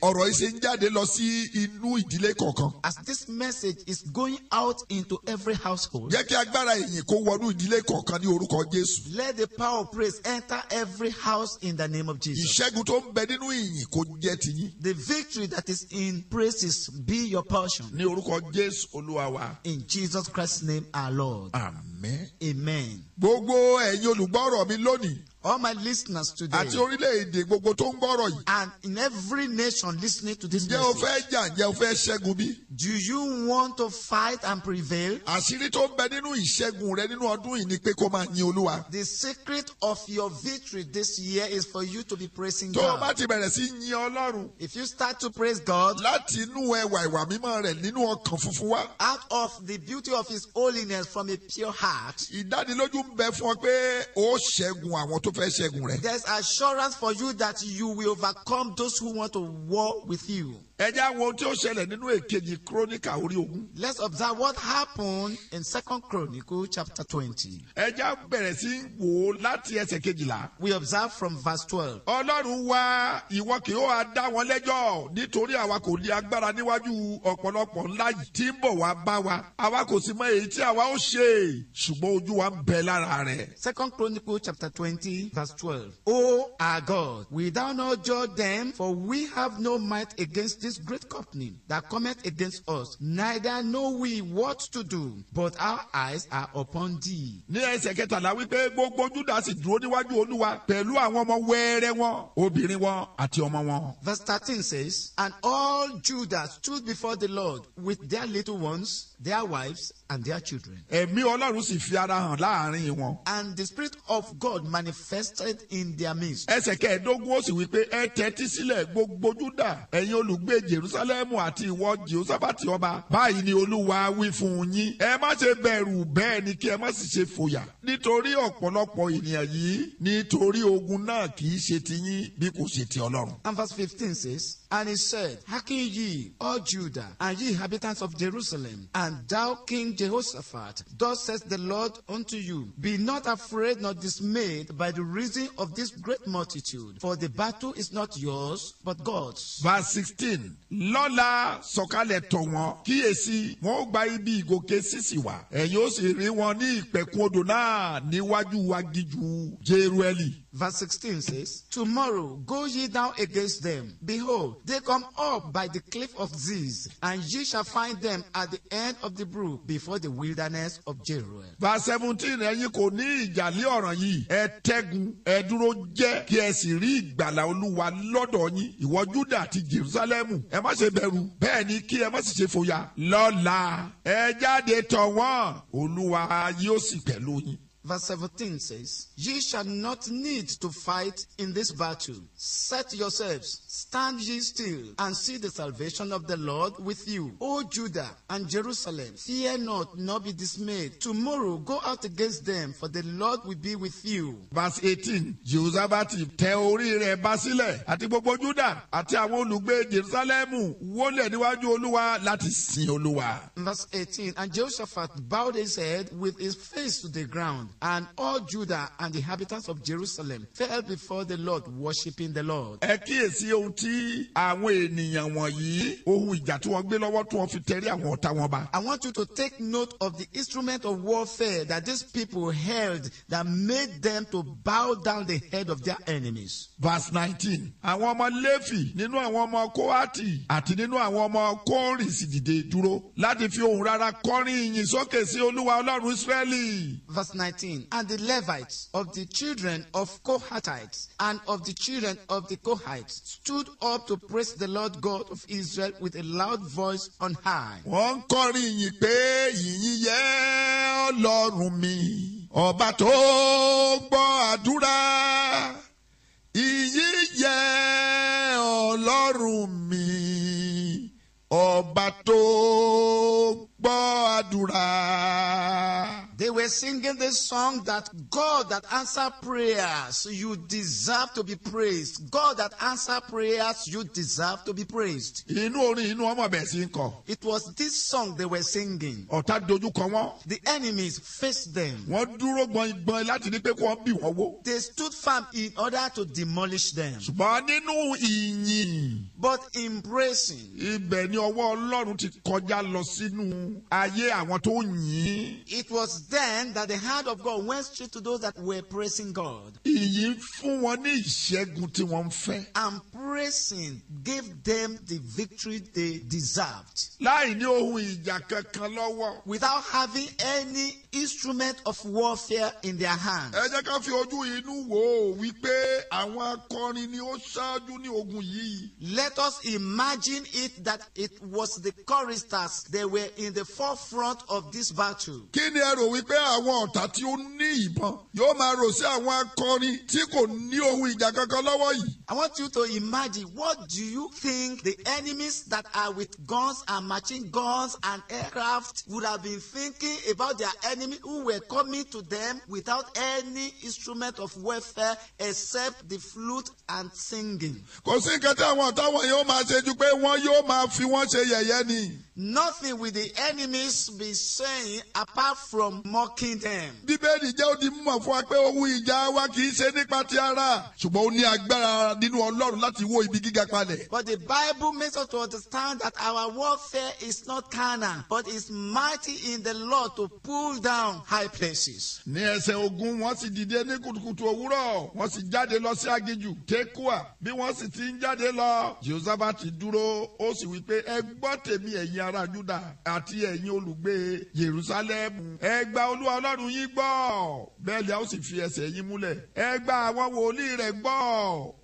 ọ̀rọ̀ yìí ṣe ń jáde lọ sí inú ìdílé kọ̀ọ̀kan. as this message is going out into every household. jẹ́ kí agbára ìyìn kó wọnú ìdílé kọ̀ọ̀kan ní orúkọ jésù. let the power of praise enter every house in the name of jesus. ìṣẹ́gun tó ń bẹ nínú ìyìn kó jẹ́ tiyín. the victory that is in praises be your portion. ní orúkọ jésù olúwa wa. in jesus christ's name our lord. amen. Àmín. Amen. Gbogbo ẹ̀yin olùgbọ́rọ̀ mi lónìí all my listeners today. àti orílẹ̀-èdè gbogbo tó ń gbọ́rọ̀ yìí. and in every nation listening to this message. ǹjẹ́ o fẹ́ jà ǹjẹ́ o fẹ́ ṣẹ́gun bí? do you want to fight and prevail? àṣírí tó ń bẹ nínú ìṣẹ́gun rẹ nínú ọdún yìí ni pé kó máa yin olúwa. the secret of your victory this year is for you to be praising God. tó o bá ti bẹ̀rẹ̀ sí yin ọlọ́run. if you start to praise God. láti inú ẹwà ìwà mímọ́ rẹ̀ nínú ọkàn funfun wá. out of the beauty of his holiness from a pure heart. ìdánilójú ń bẹ fún ọ pé ó ṣẹ́gun àwọn tó there is assurance for you that you will overcome those who want to war with you. ẹja wo tí ó ṣẹlẹ̀ nínú èkejì kronika orí ogún. let's observe what happened in second chronicle chapter twenty. ẹja bẹ̀rẹ̀ sí wò ó láti ẹsẹ̀ kejìlá. we observe from verse twelve. ọlọ́run wa ìwọ kì yóò dá wọn lẹ́jọ́ nítorí àwa kò ní agbára níwájú ọ̀pọ̀lọpọ̀ ńlá yìí tí ń bọ̀ wá bá wa àwa kò sì mọ èyí tí àwa ó ṣe ṣùgbọ́n ojú wa ń bẹ lára rẹ̀. second chronicle chapter twenty verse twelve. o our God, we thou not judge them, for we have no might against this great company that cometh against us, neither know we what to do, but our eyes are upon thee. Ní ẹsẹ̀ kẹtàlá wípé gbogbo Júdà sì dúró níwájú Olúwa pẹ̀lú àwọn ọmọ wẹ́rẹ́ wọn, obìnrin wọn àti ọmọ wọn. Verse thirteen says, And all Judah stood before the Lord with their little ones, their wives, and their children. Ẹ̀mí Ọlọ́run sì fi ara hàn láàrin wọn. And the Spirit of God manifested in their midst. Ẹsẹ̀ kẹẹ̀ẹ́dógún ó sì wípé ẹ tẹ́tí sílẹ̀ gbogbo Júdà ẹ̀yin olùgbé jerusalemu àti ìwọ jehoshaphati ọba báyìí ni olúwa wí fún yín ẹ má ṣe bẹ̀rù bẹ́ẹ̀ ni kí ẹ má sì ṣe fòyà nítorí ọ̀pọ̀lọpọ̀ ènìyàn yìí nítorí ogun náà kì í ṣe ti yín bí kò ṣe ti ọlọ́run. and verse fifteen says and he said hearken ye all Judah and ye inhabitants of Jerusalem and thou king Jehoshaphat thus says the Lord unto you be not afraid nor dismayed by the reason of this great multitude for the battle is not yours but God's. verse sixteen lọ́la sọ̀kalẹ̀ tọ̀ wọ́n kíyèsí wọn ó gba ibi ìgòkè sísì wá ẹ̀yin ó sì rí wọn ní ìpẹ̀kun odò náà níwájú aginjù Jérúẹ́lì Verse 16 says, Tomorrow go ye down against them. Behold, they come up by the cliff of Ziz, and ye shall find them at the end of the brook before the wilderness of Jeruel. Verse 17, ẹ̀yin kò ní ìjàlé ọ̀ràn yìí. Ẹ tẹ́gun, ẹ dúró jẹ́, kí ẹ sì rí ìgbàlà Olúwa lọ́dọ̀ yín. Ìwọ Júdà àti Jerúsálẹ́mù, ẹ má ṣe bẹ̀rù. Bẹ́ẹ̀ kí ẹ má sì ṣe fòyà. Lọ́la, ẹ jáde tọ̀ wọ́n. Olúwa yóò sì pẹ̀lú yín. verse 17 says, Ye shall not need to fight in this battle. Set yourselves Stand ye still and see the salvation of the Lord with you. O Judah and Jerusalem, fear not, nor be dismayed. Tomorrow go out against them, for the Lord will be with you. Verse 18. Jehoshaphati tẹ orí rẹ̀ bá sílẹ̀ àti gbogbo Júdà àti àwọn olùgbé Jerusalemu wólẹ̀ níwájú Olúwa láti sin Olúwa. Verse 18. And Jehoshaphat bowed his head with his face to the ground, and all Judah and the inhabitants of Jerusalem fell before the Lord, worshipping the Lord. Ẹ kíyèsí ohun tí àwọn ènìyàn wọ̀nyí ohun ìjà tí wọ́n gbé lọ́wọ́ tí wọ́n fi tẹ̀rí àwọn ọ̀tá wọn ba. I want you to take note of the instrument of warfare that these people held that made them to bow down the head of their enemies. Verse nineteen. Àwọn ọmọ Léfì nínú àwọn ọmọ Kóhátì àti nínú àwọn ọmọ Kórìn sì dìde dúró láti fi ohùn rárá kọrin ìyìn sókè sí Olúwa Ọlọ́run Ísírẹ́lì. Verse nineteen. And the Levites of the children of Kohatites and of the children of the Kohites stood up to praise the Lord God of Israel with a loud voice on high. Wọ́n kọrin yìí pé yìnyín yẹ ọlọ́run mi, ọba tó gbọ́ àdúrà. yẹ ọlọ́run mi, ọba tó gbọ́ àdúrà. They were singing this song that God that answer prayers, you deserve to be praised. God that answer prayers, you deserve to be praised. It was this song they were singing. The enemies faced them. They stood firm in order to demolish them. but embracing. ibẹ̀ ni ọwọ́ Ọlọ́run ti kọjá lọ sínú ayé àwọn tó yìn. it was then that the hand of God went straight to those that were praising God. ìyìn fún wọn ní ìṣẹ́gun tí wọ́n ń fẹ́. and praising gave them the victory they deserved. láì ní ohun ìjà kankan lọ́wọ́. without having any instrument of warfare in their hands. ẹ jẹ́ ká fi ojú inú wò ó wípé àwọn akọrin ni ó ṣáájú ní ogun yìí. let us imagine it that it was the choristers they were in the forefront of this battle. kí ni ẹ rò wípé àwọn ọ̀tá tí ó ní ìbọn yóò máa rò sí àwọn akọrin tí kò ní ohun ìjà kankan lọ́wọ́ yìí. I want you to imagine what do you think the enemies that are with guns and machine guns and aircraft would have been thinking about their enemies enemy who were coming to them without any instrument of warfare except the flute and singing. kò sí nǹkan tí àwọn ọ̀tá wọn yóò máa ṣe ju pé wọ́n yóò máa fi wọ́n ṣe yẹ̀yẹ́ ni. Nothing will the enemies be saying apart from mocking them. Bíbélì jẹ́ òdi mímọ̀ fún wa pé ohun ìjà wa kì í ṣe nípa ti ara ṣùgbọ́n ó ní agbára nínú Ọlọ́run láti wó ibi gíga palẹ̀. But the Bible makes us to understand that our warfare is not carnal but is mighty in the Lord to pull down high places. Ní ẹsẹ̀ ogun wọ́n sì dìde ní kùtùkùtù òwúrọ̀ wọ́n sì jáde lọ sí aginjù Tekua bí wọ́n sì ti ń jáde lọ Jehoshaphat dúró ó sì wí pé ẹ gbọ́ tèmi ẹ̀yin ará Júdà àti ẹ̀yin olùgbé Jerúsálẹ́mù ẹ gba Olúwa Ọlọ́run yín gbọ́ bẹ́ẹ̀ lẹ́ a ó sì fi ẹsẹ̀ yín múlẹ̀ ẹ gba àwọn wòlíì rẹ̀ gbọ́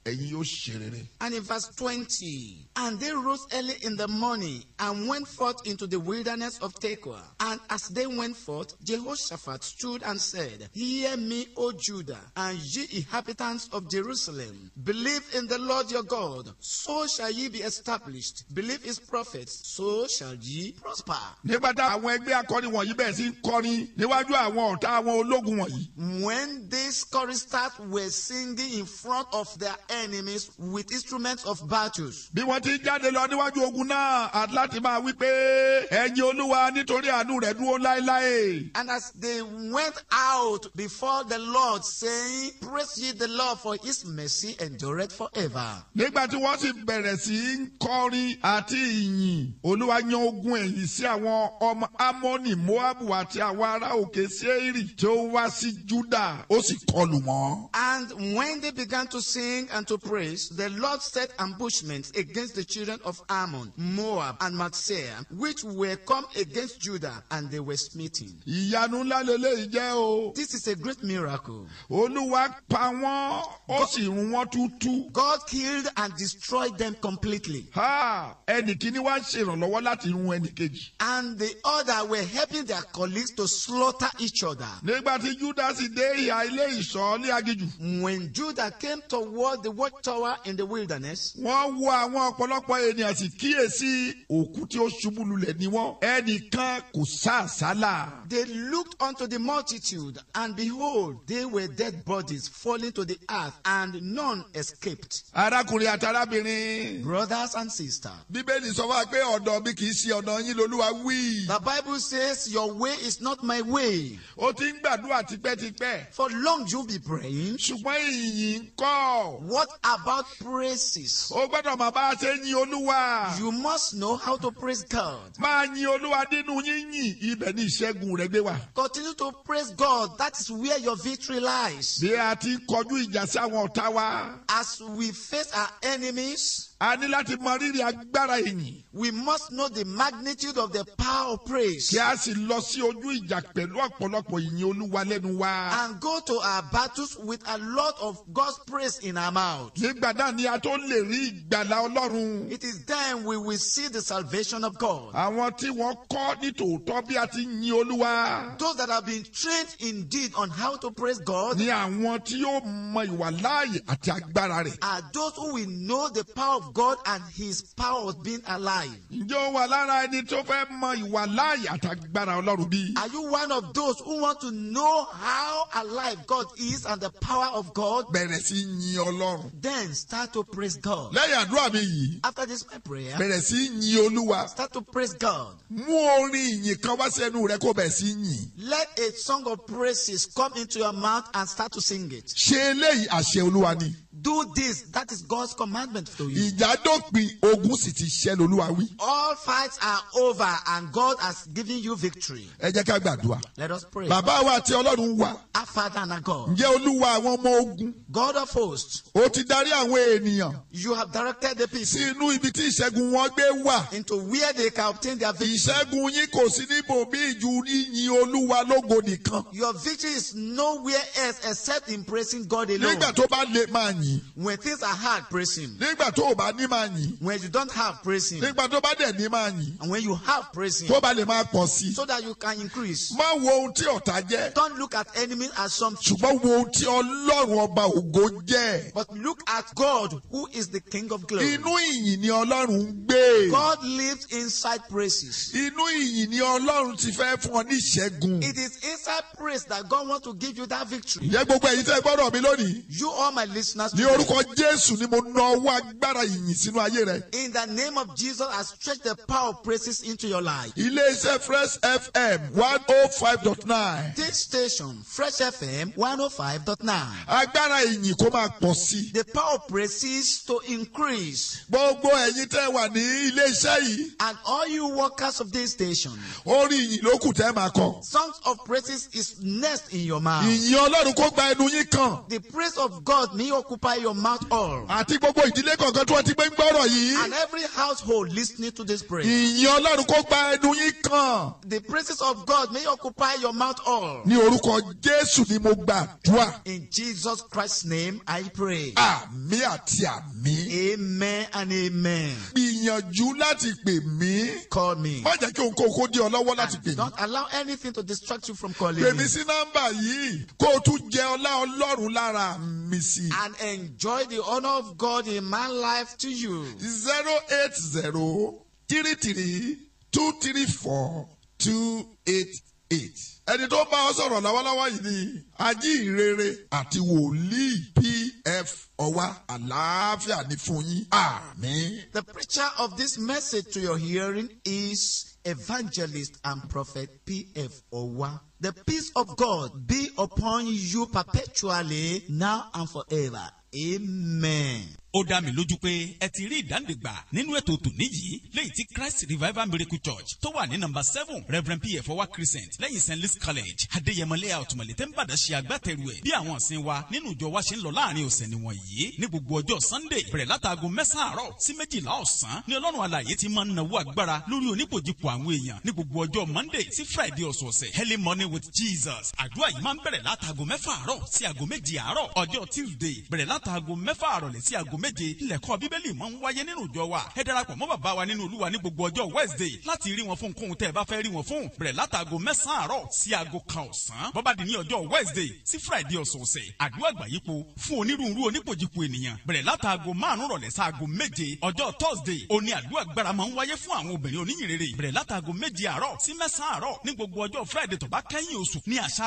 ẹ̀yin yóò ṣe rere. and in verse twenty and they rose early in the morning and went forth into the wilderness of Tekoa and as they went forth Jehoshaphat stood and said hear me O Judah and ye inhabitants of Jerusalem believe in the Lord your God so shall ye be established believe his prophets so shall ye prosper. nígbà tá àwọn ẹgbẹ́ akọrin wọ̀nyí bẹ̀rẹ̀ sí kọrin níwájú àwọn ọ̀tá àwọn ológun wọ̀nyí. when these choristers were singing in front of their enemies with instruments of battles. bí wọ́n ti jáde lọ níwájú ogun náà àti máa wí pé ẹ̀yin olúwa nítorí àánú rẹ̀ dúró láéláé. and as they went out before the Lord saying praise ye the Lord for his mercy endured forever. nígbà tí wọ́n sì bẹ̀rẹ̀ sí í kọrin àti ìyìn olúwa yan ogun ẹ̀yìn sí àwọn ọmọ Amoni Moabu àti àwọn ará òkè Seiri tí ó wá sí Juda ó sì kọlù wọn. and when they began to sing and and to praise, the Lord set ambushments against the children of Ammon, Moab, and Mount which were come against Judah, and they were smitten. This is a great miracle. Olúwa God killed and destroyed them completely. And the other were helping their colleagues to slaughter each other. When Judah came toward the watchtower in the wilderness. wọ́n wo àwọn ọ̀pọ̀lọpọ̀ ènìyàn sì kíyèsí òkú tí ó ṣubú lulẹ̀ ni wọ́n. ẹnìkan kò sá àsálà. they looked unto the multitude and behold they were dead bodies falling to the earth and none escaped. arákùnrin àti arábìnrin. brothers and sisters. bíbélì sọ wá pé ọ̀dọ̀ mi kì í ṣe ọ̀dọ̀ yín lolúwa wí. the bible says your way is not my way. o ti ń gbàdúrà tipẹ́tipẹ́. for long you'll be praying. ṣùgbọ́n ìyìn ń kọ́. what What about praises? O gbọ́dọ̀ mọ̀ bá a ṣe yin Olúwa. You must know how to praise God. Máa yin Olúwa nínú yínyìn, ibẹ̀ ni ìṣẹ́gun rẹ gbé wà. Continue to praise God, that is where your victory lies. Bí a ti ń ìjà sí àwọn ọ̀tá wa. As we face our enemies. A ní láti mọ rírì agbára ìyìn. We must know the magnitude of the power of praise. Kí a sì lọ sí ojú ìjà pẹ̀lú ọ̀pọ̀lọpọ̀ ìyìn Olúwa lẹ́nu wa. And go to our battles with a lot of God's praise in our mouth. Nígbà náà ni a tó lè rí ìgbàlá Ọlọ́run. It is then we will see the salvation of God. Àwọn tí wọ́n kọ́ ní tòótọ́ bí a ti yin Olúwa. Those that have been trained indeed on how to praise God. Ni àwọn tí yóò mọ ìwàláàyè àti agbára rẹ̀. Are those who will know the power of of God and his power of being alive? Ǹjẹ́ o wà lára ẹni tó fẹ́ mọ ìwà láàyè àtàgbára Ọlọ́run bí? Are you one of those who want to know how alive God is and the power of God? Bẹ̀rẹ̀ sí yin Ọlọ́run. Then start to praise God. Lẹ́yìn àdúrà mi yìí. After this my prayer. Bẹ̀rẹ̀ sí yin Olúwa. Start to praise God. Mú orin ìyìn kan wá sẹ́nu rẹ kó bẹ̀rẹ̀ sí yìn. Let a song of praises come into your mouth and start to sing it. Ṣé eléyìí àṣẹ Olúwa ni? do this that is God's commandment for you. ìjà dópin ogun sì ti ṣẹ́ lolúwa wí. all fights are over and God has given you victory. ẹ jẹ́ ká gbàdúrà. let us pray. bàbá wa àti ọlọ́run wa. our father and our God. ǹjẹ́ olúwa àwọn ọmọ ogun. God of hosts. o ti darí àwọn ènìyàn. you have directed the people. sí inú ibi tí ìṣẹ́gun wọn gbé wà. into where they can obtain their victory. ìṣẹ́gun yín kò sí níbò bí ju yíyin olúwa lógo nìkan. your victory is nowhere else except in praising God alone. nígbà tó bá lè máa yìn yìn. when things are hard praise him. nígbà tó o bá ní máa yìn. when you don't have praise him. nígbà tó o bá dẹ̀ ní máa yìn. and when you have praise him. tó o bá lè máa pọ̀ sí. so that you can increase. má wo ohun tí ọ̀tá jẹ́. don't look at enemy as something. ṣùgbọ́n wo ohun tí ọlọ́run ọba ògo jẹ́. but look at God who is the king of glory. inú ìyìn ni ọlọ́run ń gbé. God lives inside praises. inú ìyìn ni ọlọ́run ti fẹ́ fún ọ ní ìṣẹ́gun. it is inside praise that God wants to give you that victory. ǹjẹ́ gbogbo ẹ̀yin tẹ́ gbọ́dọ̀ mi lónìí. you all my listeners ní orúkọ Jésù ni mo nà ọwọ́ agbára ìyìn sínú ayé rẹ. In the name of Jesus, I stretch the power of praises into your life. ilé Fresh FM one oh five dot nine. This station Fresh FM one oh five dot nine. Agbára ìyìn kó máa pọ̀ sí. The power of praises to increase. Gbogbo ẹ̀yin tẹ́ wà ní ilé yìí. And all you workers of this station. Orin ìyìn ló kù tẹ́ máa kọ. Songs of praises is next in your mouth. Ìyìn Ọlọ́run kó gba ẹnu yín kan. The praise of God ní okùn occupy your mouth all. Àti gbogbo ìdílé kọ̀ọ̀kan tí wọ́n ti gbé ń gbọ́rọ̀ yìí. And every household listening to this prayer. Ìyìn Ọlọ́run kó gba ẹnu yín kan. The praises of God may occupy your mouth all. Ní orúkọ Jésù ni mo gbàdúrà. In Jesus Christ's name I pray. Àmì àti àmì. Amen and amen. Gbìyànjú láti pè mí. Call me. Má jẹ́ kí ohunkóhun kó dé ọ lọ́wọ́ láti pè mí. Don't allow anything to distract you from calling me. Pèmí sí nọ́mbà yìí kó o tún jẹ ọlá Ọlọ́run lára mi sí. And enjoy the honor of God in my life to you. Zero zero eight three three three two 080 33 eight. 288. ẹni tó bá ọ sọ̀rọ̀ lọ́wọ́lọ́wọ́ yìí ni ajíhìnrere àti wòlíì pf ọwa àlàáfíà ni fún yín àmín. The preacher of this message to your hearing is evangelist and prophet pf ọwa. The peace of God be upon you perpetually now and forever. Amen. ó dá mi lójú pé ẹ ti rí ìdánidìgbà nínú ètò tòní yìí lẹ́yìn tí Christ Revival Miracle Church tó wà ní nọ́mbà seven Reverend P.F. Ọwá Crescent lẹ́yìn St. Louis College Adéyẹmọlẹ́ Àtùmọ̀lẹ́ tẹ́ ń bàdá ṣe agbátẹrù ẹ̀ bí àwọn ọ̀sìn wa nínú ìjọ wa ṣe ń lọ láàrin ọ̀sẹ̀ nìwọ̀nyí ní gbogbo ọjọ́ Sunday bẹ̀rẹ̀ látàgò mẹ́sàn-án àárọ̀ sí méjìlá ọ̀sán ni Ọlọ́run alààyè ti máa ń nawó agbára lórí onípòjìpò àwọn èèyàn ní gbogbo Monday sí Friday ọ̀sọ̀ọ̀sẹ̀ early morning with Jesus. àdúrà yìí máa ń bẹ̀rẹ̀ látago mẹ́fà àárọ̀ sí aago méje àárọ̀ ọjọ́ Tuesday bẹ̀rẹ̀ látago mẹ́fà àrọ̀lẹ̀ sí aago méje ilẹ̀kọ́ bíbélì máa ń wáyé nínú ìjọ wa ẹ darapọ̀ mọ́ bàbá wa nínú olúwa ní gbogbo ọjọ́ Wednesday láti rí wọn fún kóhun tẹ́ ẹ bá fẹ́ rí wọn fún bẹ̀rẹ̀ látago mẹ́sàn-án àárọ̀ sí aago kan ọ̀sán bọ́bá di ní ọjọ́ Wednesday sí Friday ọ̀sọ̀ọ̀sẹ̀ àdúrà gbàyípo fún onírúurú onípojìpo ènìyàn bẹ̀rẹ̀ látago márùn-ún rọ̀lẹ́ sáago méje ọjọ́ Thursday òní àdúrà gbára máa ń wáyé fún àwọn obìnrin oníyìnrere bẹ̀rẹ̀ látago méje àárọ̀ sí mẹ́sàn-án àárọ̀ ní gbogbo ọjọ́ Friday tó bá lẹ́yìn oṣù ní àṣà.